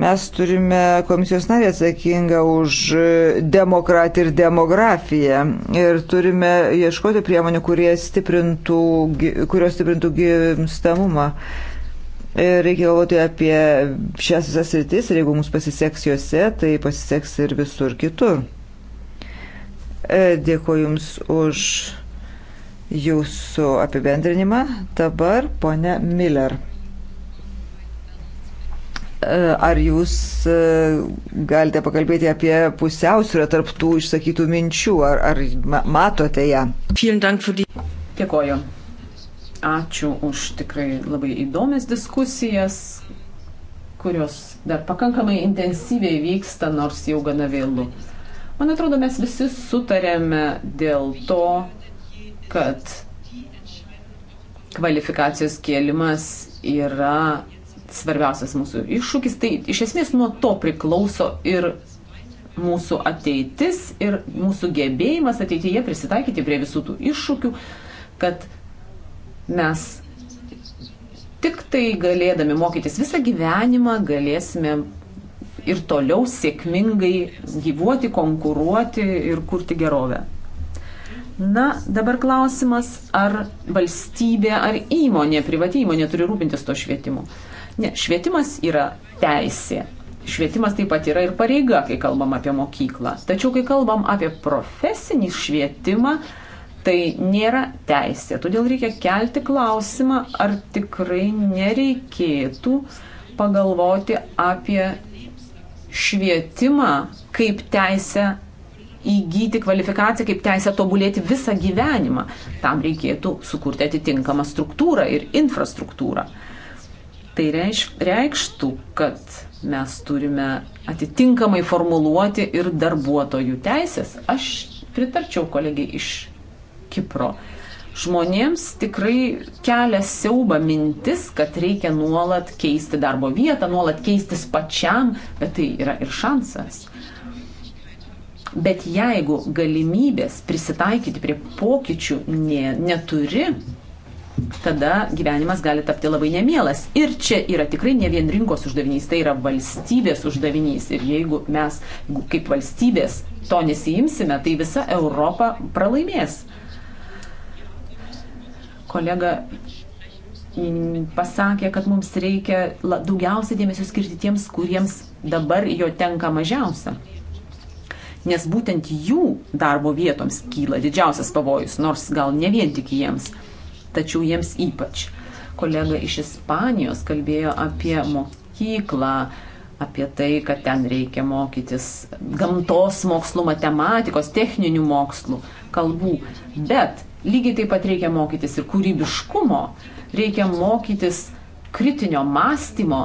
Mes turime komisijos narį atsakingą už demokratiją ir demografiją ir turime ieškoti priemonių, stiprintų, kurios stiprintų gimstamumą. Uh, Reikia galvoti apie šias visas rytis ir jeigu mums pasiseks juose, tai pasiseks ir visur kitur. E, Dėkuoju Jums už Jūsų apibendrinimą. Dabar ponia Miller. E, ar jūs e, galite pakalbėti apie pusiausvyrą tarp tų išsakytų minčių, ar, ar matote ją? Dėkoju. Ačiū už tikrai labai įdomias diskusijas, kurios dar pakankamai intensyviai vyksta, nors jau gana vėlų. Man atrodo, mes visi sutarėme dėl to, kad kvalifikacijos kėlimas yra svarbiausias mūsų iššūkis, tai iš esmės nuo to priklauso ir mūsų ateitis, ir mūsų gebėjimas ateityje prisitaikyti prie visų tų iššūkių, kad Mes tik tai galėdami mokytis visą gyvenimą galėsime ir toliau sėkmingai gyvuoti, konkuruoti ir kurti gerovę. Na, dabar klausimas, ar valstybė, ar įmonė, privati įmonė turi rūpintis to švietimu. Ne, švietimas yra teisė. Švietimas taip pat yra ir pareiga, kai kalbam apie mokyklą. Tačiau, kai kalbam apie profesinį švietimą, Tai nėra teisė. Todėl reikia kelti klausimą, ar tikrai nereikėtų pagalvoti apie švietimą kaip teisę įgyti kvalifikaciją, kaip teisę tobulėti visą gyvenimą. Tam reikėtų sukurti atitinkamą struktūrą ir infrastruktūrą. Tai reikštų, kad mes turime atitinkamai formuluoti ir darbuotojų teisės. Aš pritarčiau kolegiai iš Kipro. Žmonėms tikrai kelia siauba mintis, kad reikia nuolat keisti darbo vietą, nuolat keistis pačiam, bet tai yra ir šansas. Bet jeigu galimybės prisitaikyti prie pokyčių ne, neturi, tada gyvenimas gali tapti labai nemielas. Ir čia yra tikrai ne vien rinkos uždavinys, tai yra valstybės uždavinys. Ir jeigu mes kaip valstybės to nesijimsime, tai visa Europa pralaimės kolega mm, pasakė, kad mums reikia daugiausiai dėmesio skirti tiems, kuriems dabar jo tenka mažiausia. Nes būtent jų darbo vietoms kyla didžiausias pavojus, nors gal ne vien tik jiems, tačiau jiems ypač. Kolega iš Ispanijos kalbėjo apie mokyklą, apie tai, kad ten reikia mokytis gamtos mokslų, matematikos, techninių mokslų, kalbų. Bet Lygiai taip pat reikia mokytis ir kūrybiškumo, reikia mokytis kritinio mąstymo.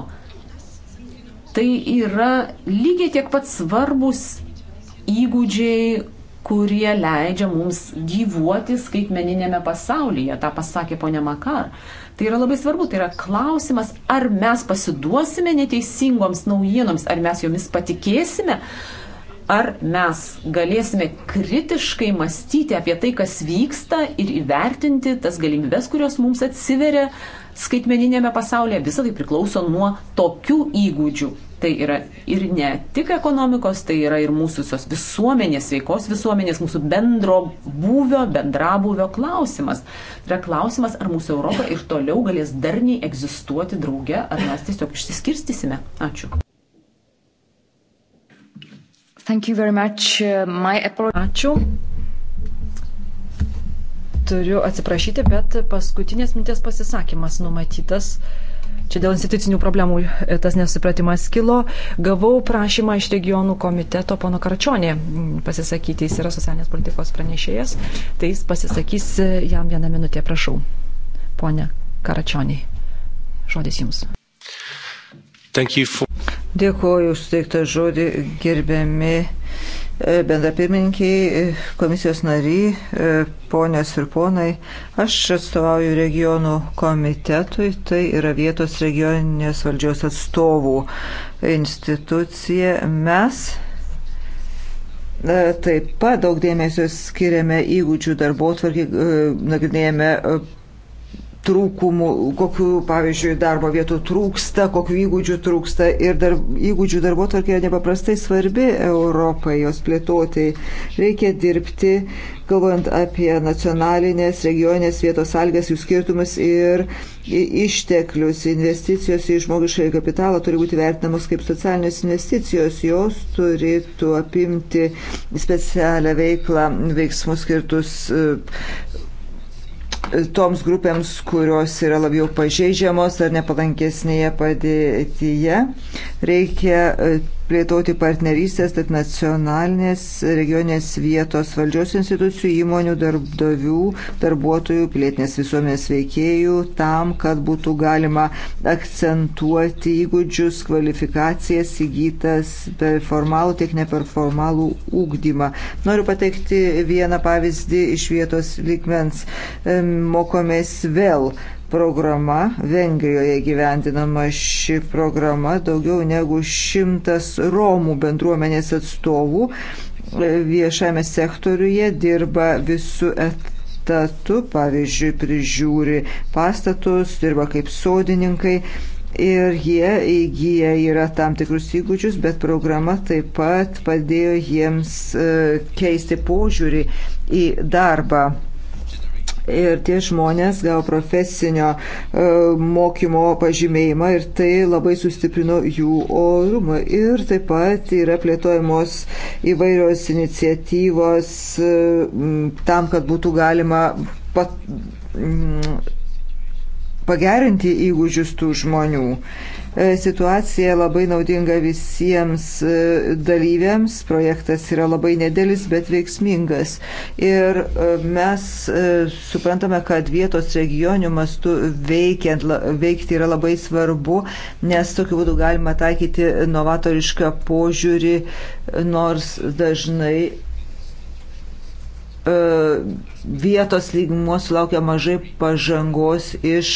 Tai yra lygiai tiek pat svarbus įgūdžiai, kurie leidžia mums gyvuoti skaitmeninėme pasaulyje. Ta pasakė ponia Makar. Tai yra labai svarbu, tai yra klausimas, ar mes pasiduosime neteisingoms naujienoms, ar mes jomis patikėsime, ar mes galėsime kritiškai mąstyti apie tai, kas vyksta ir įvertinti tas galimybės, kurios mums atsiveria skaitmeninėme pasaulyje, visą tai priklauso nuo tokių įgūdžių. Tai yra ir ne tik ekonomikos, tai yra ir mūsų visuomenės, sveikos visuomenės, mūsų bendro būvio, bendrabūvio klausimas. Tai yra klausimas, ar mūsų Europa ir toliau galės darniai egzistuoti drauge, ar mes tiesiog išsiskirstysime. Ačiū. Thank you very much. Uh, my Ačiū. Turiu atsiprašyti, bet paskutinės minties pasisakymas numatytas. Čia dėl institucinių problemų e, tas nesupratimas kilo. Gavau prašymą iš regionų komiteto pono Karčionė pasisakyti. Jis yra socialinės politikos pranešėjas. Tai jis pasisakys e, jam vieną minutę, prašau. Pone Karčioniai, žodis jums. For... Dėkuoju už teiktą žodį, gerbiami e, bendrapirmininkiai, e, komisijos nariai, e, ponios ir ponai. Aš atstovauju regionų komitetui, tai yra vietos regioninės valdžios atstovų institucija. Mes taip pat daug dėmesio skiriame įgūdžių darbo tvarkį, nagrinėjame trūkumų, kokių, pavyzdžiui, darbo vietų trūksta, kokių įgūdžių trūksta ir dar, įgūdžių darbo tvarkė nepaprastai svarbi Europai, jos plėtotai. Reikia dirbti, kalbant apie nacionalinės, regioninės vietos algas, jų skirtumus ir išteklius. Investicijos į žmogiškai kapitalą turi būti vertinamos kaip socialinės investicijos, jos turėtų apimti specialią veiklą, veiksmus skirtus toms grupėms, kurios yra labiau pažeidžiamos ar nepalankesnėje padėtyje. Reikia e, plėtoti partnerystės tarp nacionalinės regionės vietos valdžios institucijų, įmonių, darbdavių, darbuotojų, pilietinės visuomenės veikėjų, tam, kad būtų galima akcentuoti įgūdžius, kvalifikacijas įgytas per formalų, tiek neperformalų ūkdymą. Noriu pateikti vieną pavyzdį iš vietos lygmens. Mokomės vėl programa, Vengrijoje gyvendinama ši programa, daugiau negu šimtas Romų bendruomenės atstovų e, viešame sektoriuje dirba visų etatų, pavyzdžiui, prižiūri pastatus, dirba kaip sodininkai. Ir jie įgyja yra tam tikrus įgūdžius, bet programa taip pat padėjo jiems e, keisti požiūrį į darbą ir tie žmonės gavo profesinio e, mokymo pažymėjimą ir tai labai sustiprino jų orumą. Ir taip pat yra plėtojamos įvairios iniciatyvos e, tam, kad būtų galima pat, pagerinti įgūdžius tų žmonių. E, situacija labai naudinga visiems e, dalyviams, projektas yra labai nedėlis, bet veiksmingas. Ir e, mes suprantame, kad vietos regionių mastų veikiant, veikti yra labai svarbu, nes tokiu būdu galima taikyti novatorišką požiūrį, nors dažnai E, vietos lygmuo sulaukia mažai pažangos iš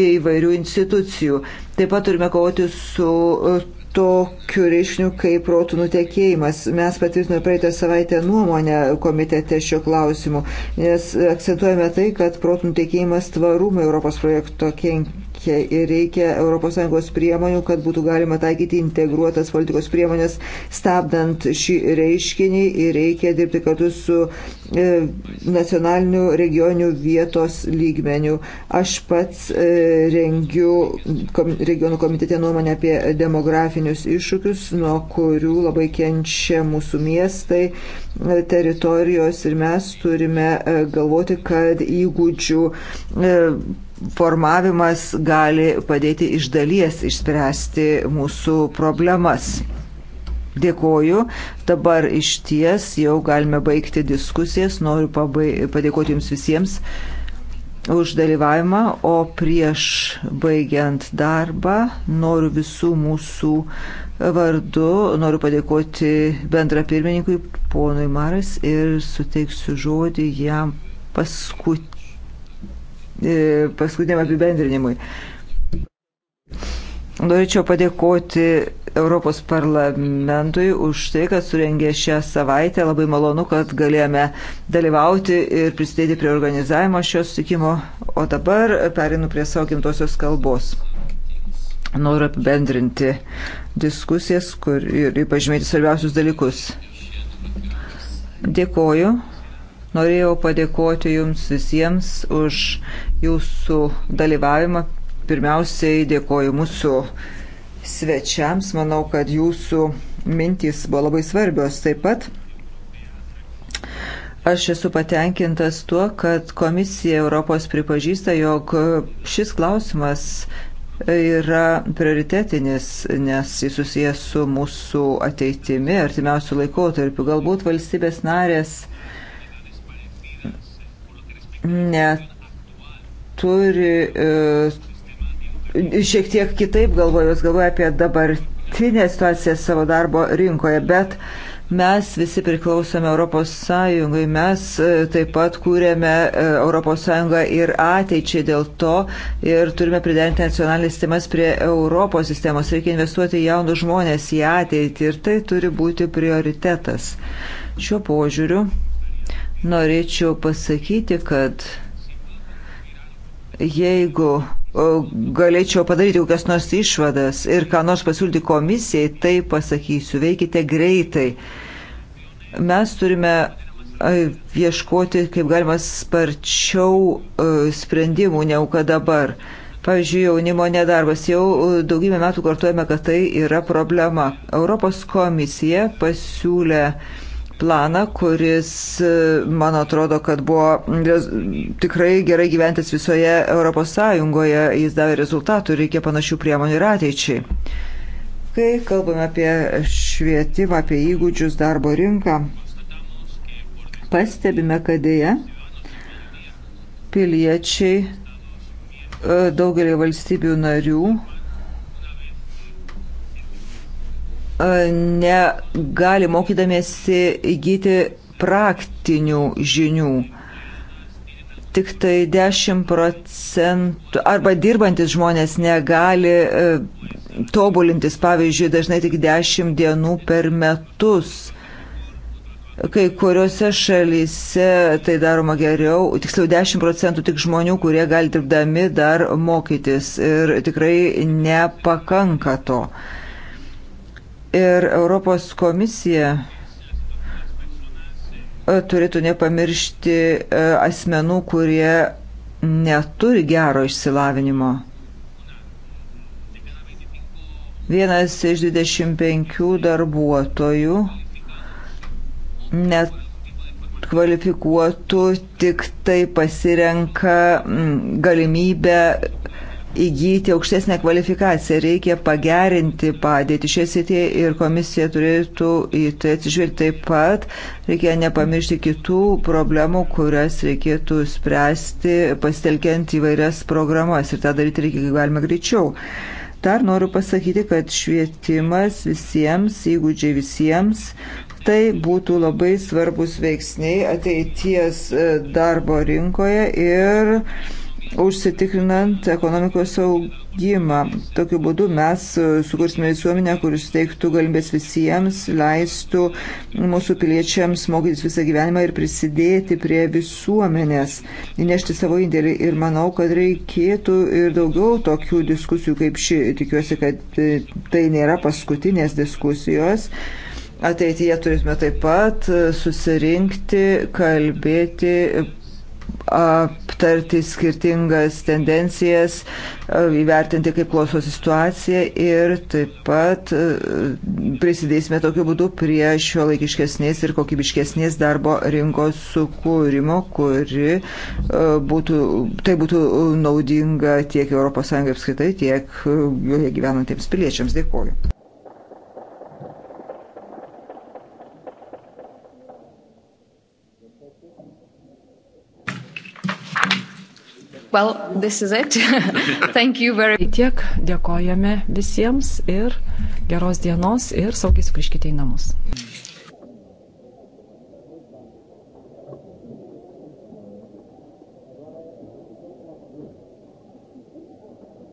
įvairių institucijų. Taip pat turime kovoti su e, tokiu reiškiniu kaip protų nutekėjimas. Mes patvirtinome praeitą savaitę nuomonę komitete šio klausimu, nes akcentuojame tai, kad protų nutekėjimas tvarumui Europos projekto kenkia reikia ir reikia ES priemonių, kad būtų galima taikyti integruotas politikos priemonės, stabdant šį reiškinį ir reikia dirbti kartu su e, nacionaliniu, regioniniu, vietos lygmeniu. Aš pats e, rengiu kom, regionų komitete nuomonę apie demografinius iššūkius, nuo kurių labai kenčia mūsų miestai, e, teritorijos ir mes turime e, galvoti, kad įgūdžių e, formavimas gali padėti iš dalies išspręsti mūsų problemas. Dėkoju. Dabar iš ties jau galime baigti diskusijas. Noriu pabai, padėkoti Jums visiems už dalyvavimą. O prieš baigiant darbą noriu visų mūsų vardu, noriu padėkoti bendra pirmininkui, ponui Maras, ir suteiksiu žodį jam paskutinį E, paskutiniam apibendrinimui. Norėčiau padėkoti Europos parlamentui už tai, kad surengė šią savaitę. Labai malonu, kad galėjome dalyvauti ir prisidėti prie organizavimo šio sutikimo. O dabar perinu prie savo gimtosios kalbos. Noriu apibendrinti diskusijas kur, ir pažymėti svarbiausius dalykus. Dėkoju Norėjau padėkoti Jums visiems už Jūsų dalyvavimą. Pirmiausiai dėkoju mūsų svečiams. Manau, kad Jūsų mintys buvo labai svarbios taip pat. Aš esu patenkintas tuo, kad komisija Europos pripažįsta, jog šis klausimas yra prioritetinis, nes jis susijęs su mūsų ateitimi artimiausių laikotarpių. Galbūt valstybės narės neturi, e, šiek tiek kitaip galvoja, jos galvoja apie dabartinę situaciją savo darbo rinkoje, bet mes visi priklausome Europos Sąjungai, mes e, taip pat kūrėme e, Europos Sąjungą ir ateičiai dėl to ir turime priderinti nacionalinės sistemas prie Europos sistemos, reikia investuoti į jaunus žmonės, į ateitį ir tai turi būti prioritetas. Šiuo požiūriu norėčiau pasakyti, kad jeigu galėčiau padaryti kokias nors išvadas ir ką nors pasiūlyti komisijai, tai pasakysiu, veikite greitai. Mes turime ieškoti, kaip galima sparčiau e, sprendimų negu kad dabar. Pavyzdžiui, jaunimo nedarbas. Jau daugybę metų kartuojame, kad tai yra problema. Europos komisija pasiūlė uh, planą, kuris, e, man atrodo, kad buvo tikrai gerai gyventis visoje ES, jis davė rezultatų, reikia panašių priemonių ir ateičiai. Kai kalbame apie švietimą, apie įgūdžius darbo rinką, pastebime, kad dėja piliečiai e, daugelį valstybių narių negali mokydamėsi įgyti praktinių žinių. Tik tai 10 procentų arba dirbantis žmonės negali e, tobulintis, pavyzdžiui, dažnai tik 10 dienų per metus. Kai kuriuose šalyse tai daroma geriau, tiksliau 10 procentų tik žmonių, kurie gali dirbdami dar mokytis ir tikrai nepakanka to. Uh, Ir Europos komisija e, turėtų nepamiršti e, asmenų, kurie neturi gero išsilavinimo. Vienas iš 25 darbuotojų net kvalifikuotų tik tai pasirenka galimybę įgyti aukštesnę kvalifikaciją, reikia pagerinti padėtį šioje srityje ir komisija turėtų į tai atsižvelgti taip pat. Reikia nepamiršti kitų problemų, kurias reikėtų spręsti pasitelkiant įvairias programas ir tą daryti reikia kaip galima greičiau. Dar noriu pasakyti, kad švietimas visiems, įgūdžiai visiems, tai būtų labai svarbus veiksniai ateities e, darbo rinkoje ir užsitikrinant ekonomikos augimą. Tokiu būdu mes e, sukursime visuomenę, kuris teiktų galimybės visiems, leistų mūsų piliečiams mokytis visą gyvenimą ir prisidėti prie visuomenės, įnešti savo indėlį. Ir manau, kad reikėtų ir daugiau tokių diskusijų kaip ši. Tikiuosi, kad e, tai nėra paskutinės diskusijos. Ateityje turėtume taip pat e, susirinkti, kalbėti, aptarti skirtingas tendencijas, e, įvertinti, kaip klausosi situacija ir taip pat e, prisidėsime tokiu būdu prie šio laikiškesnės ir kokybiškesnės darbo rinkos sukūrimo, kuri e, būtų, tai būtų naudinga tiek ES apskritai, tiek joje gyvenantiems piliečiams. Dėkuoju. Well, this is it. Thank you very much. Tai tiek dėkojame visiems ir geros dienos ir saugiai sugrįžkite į namus.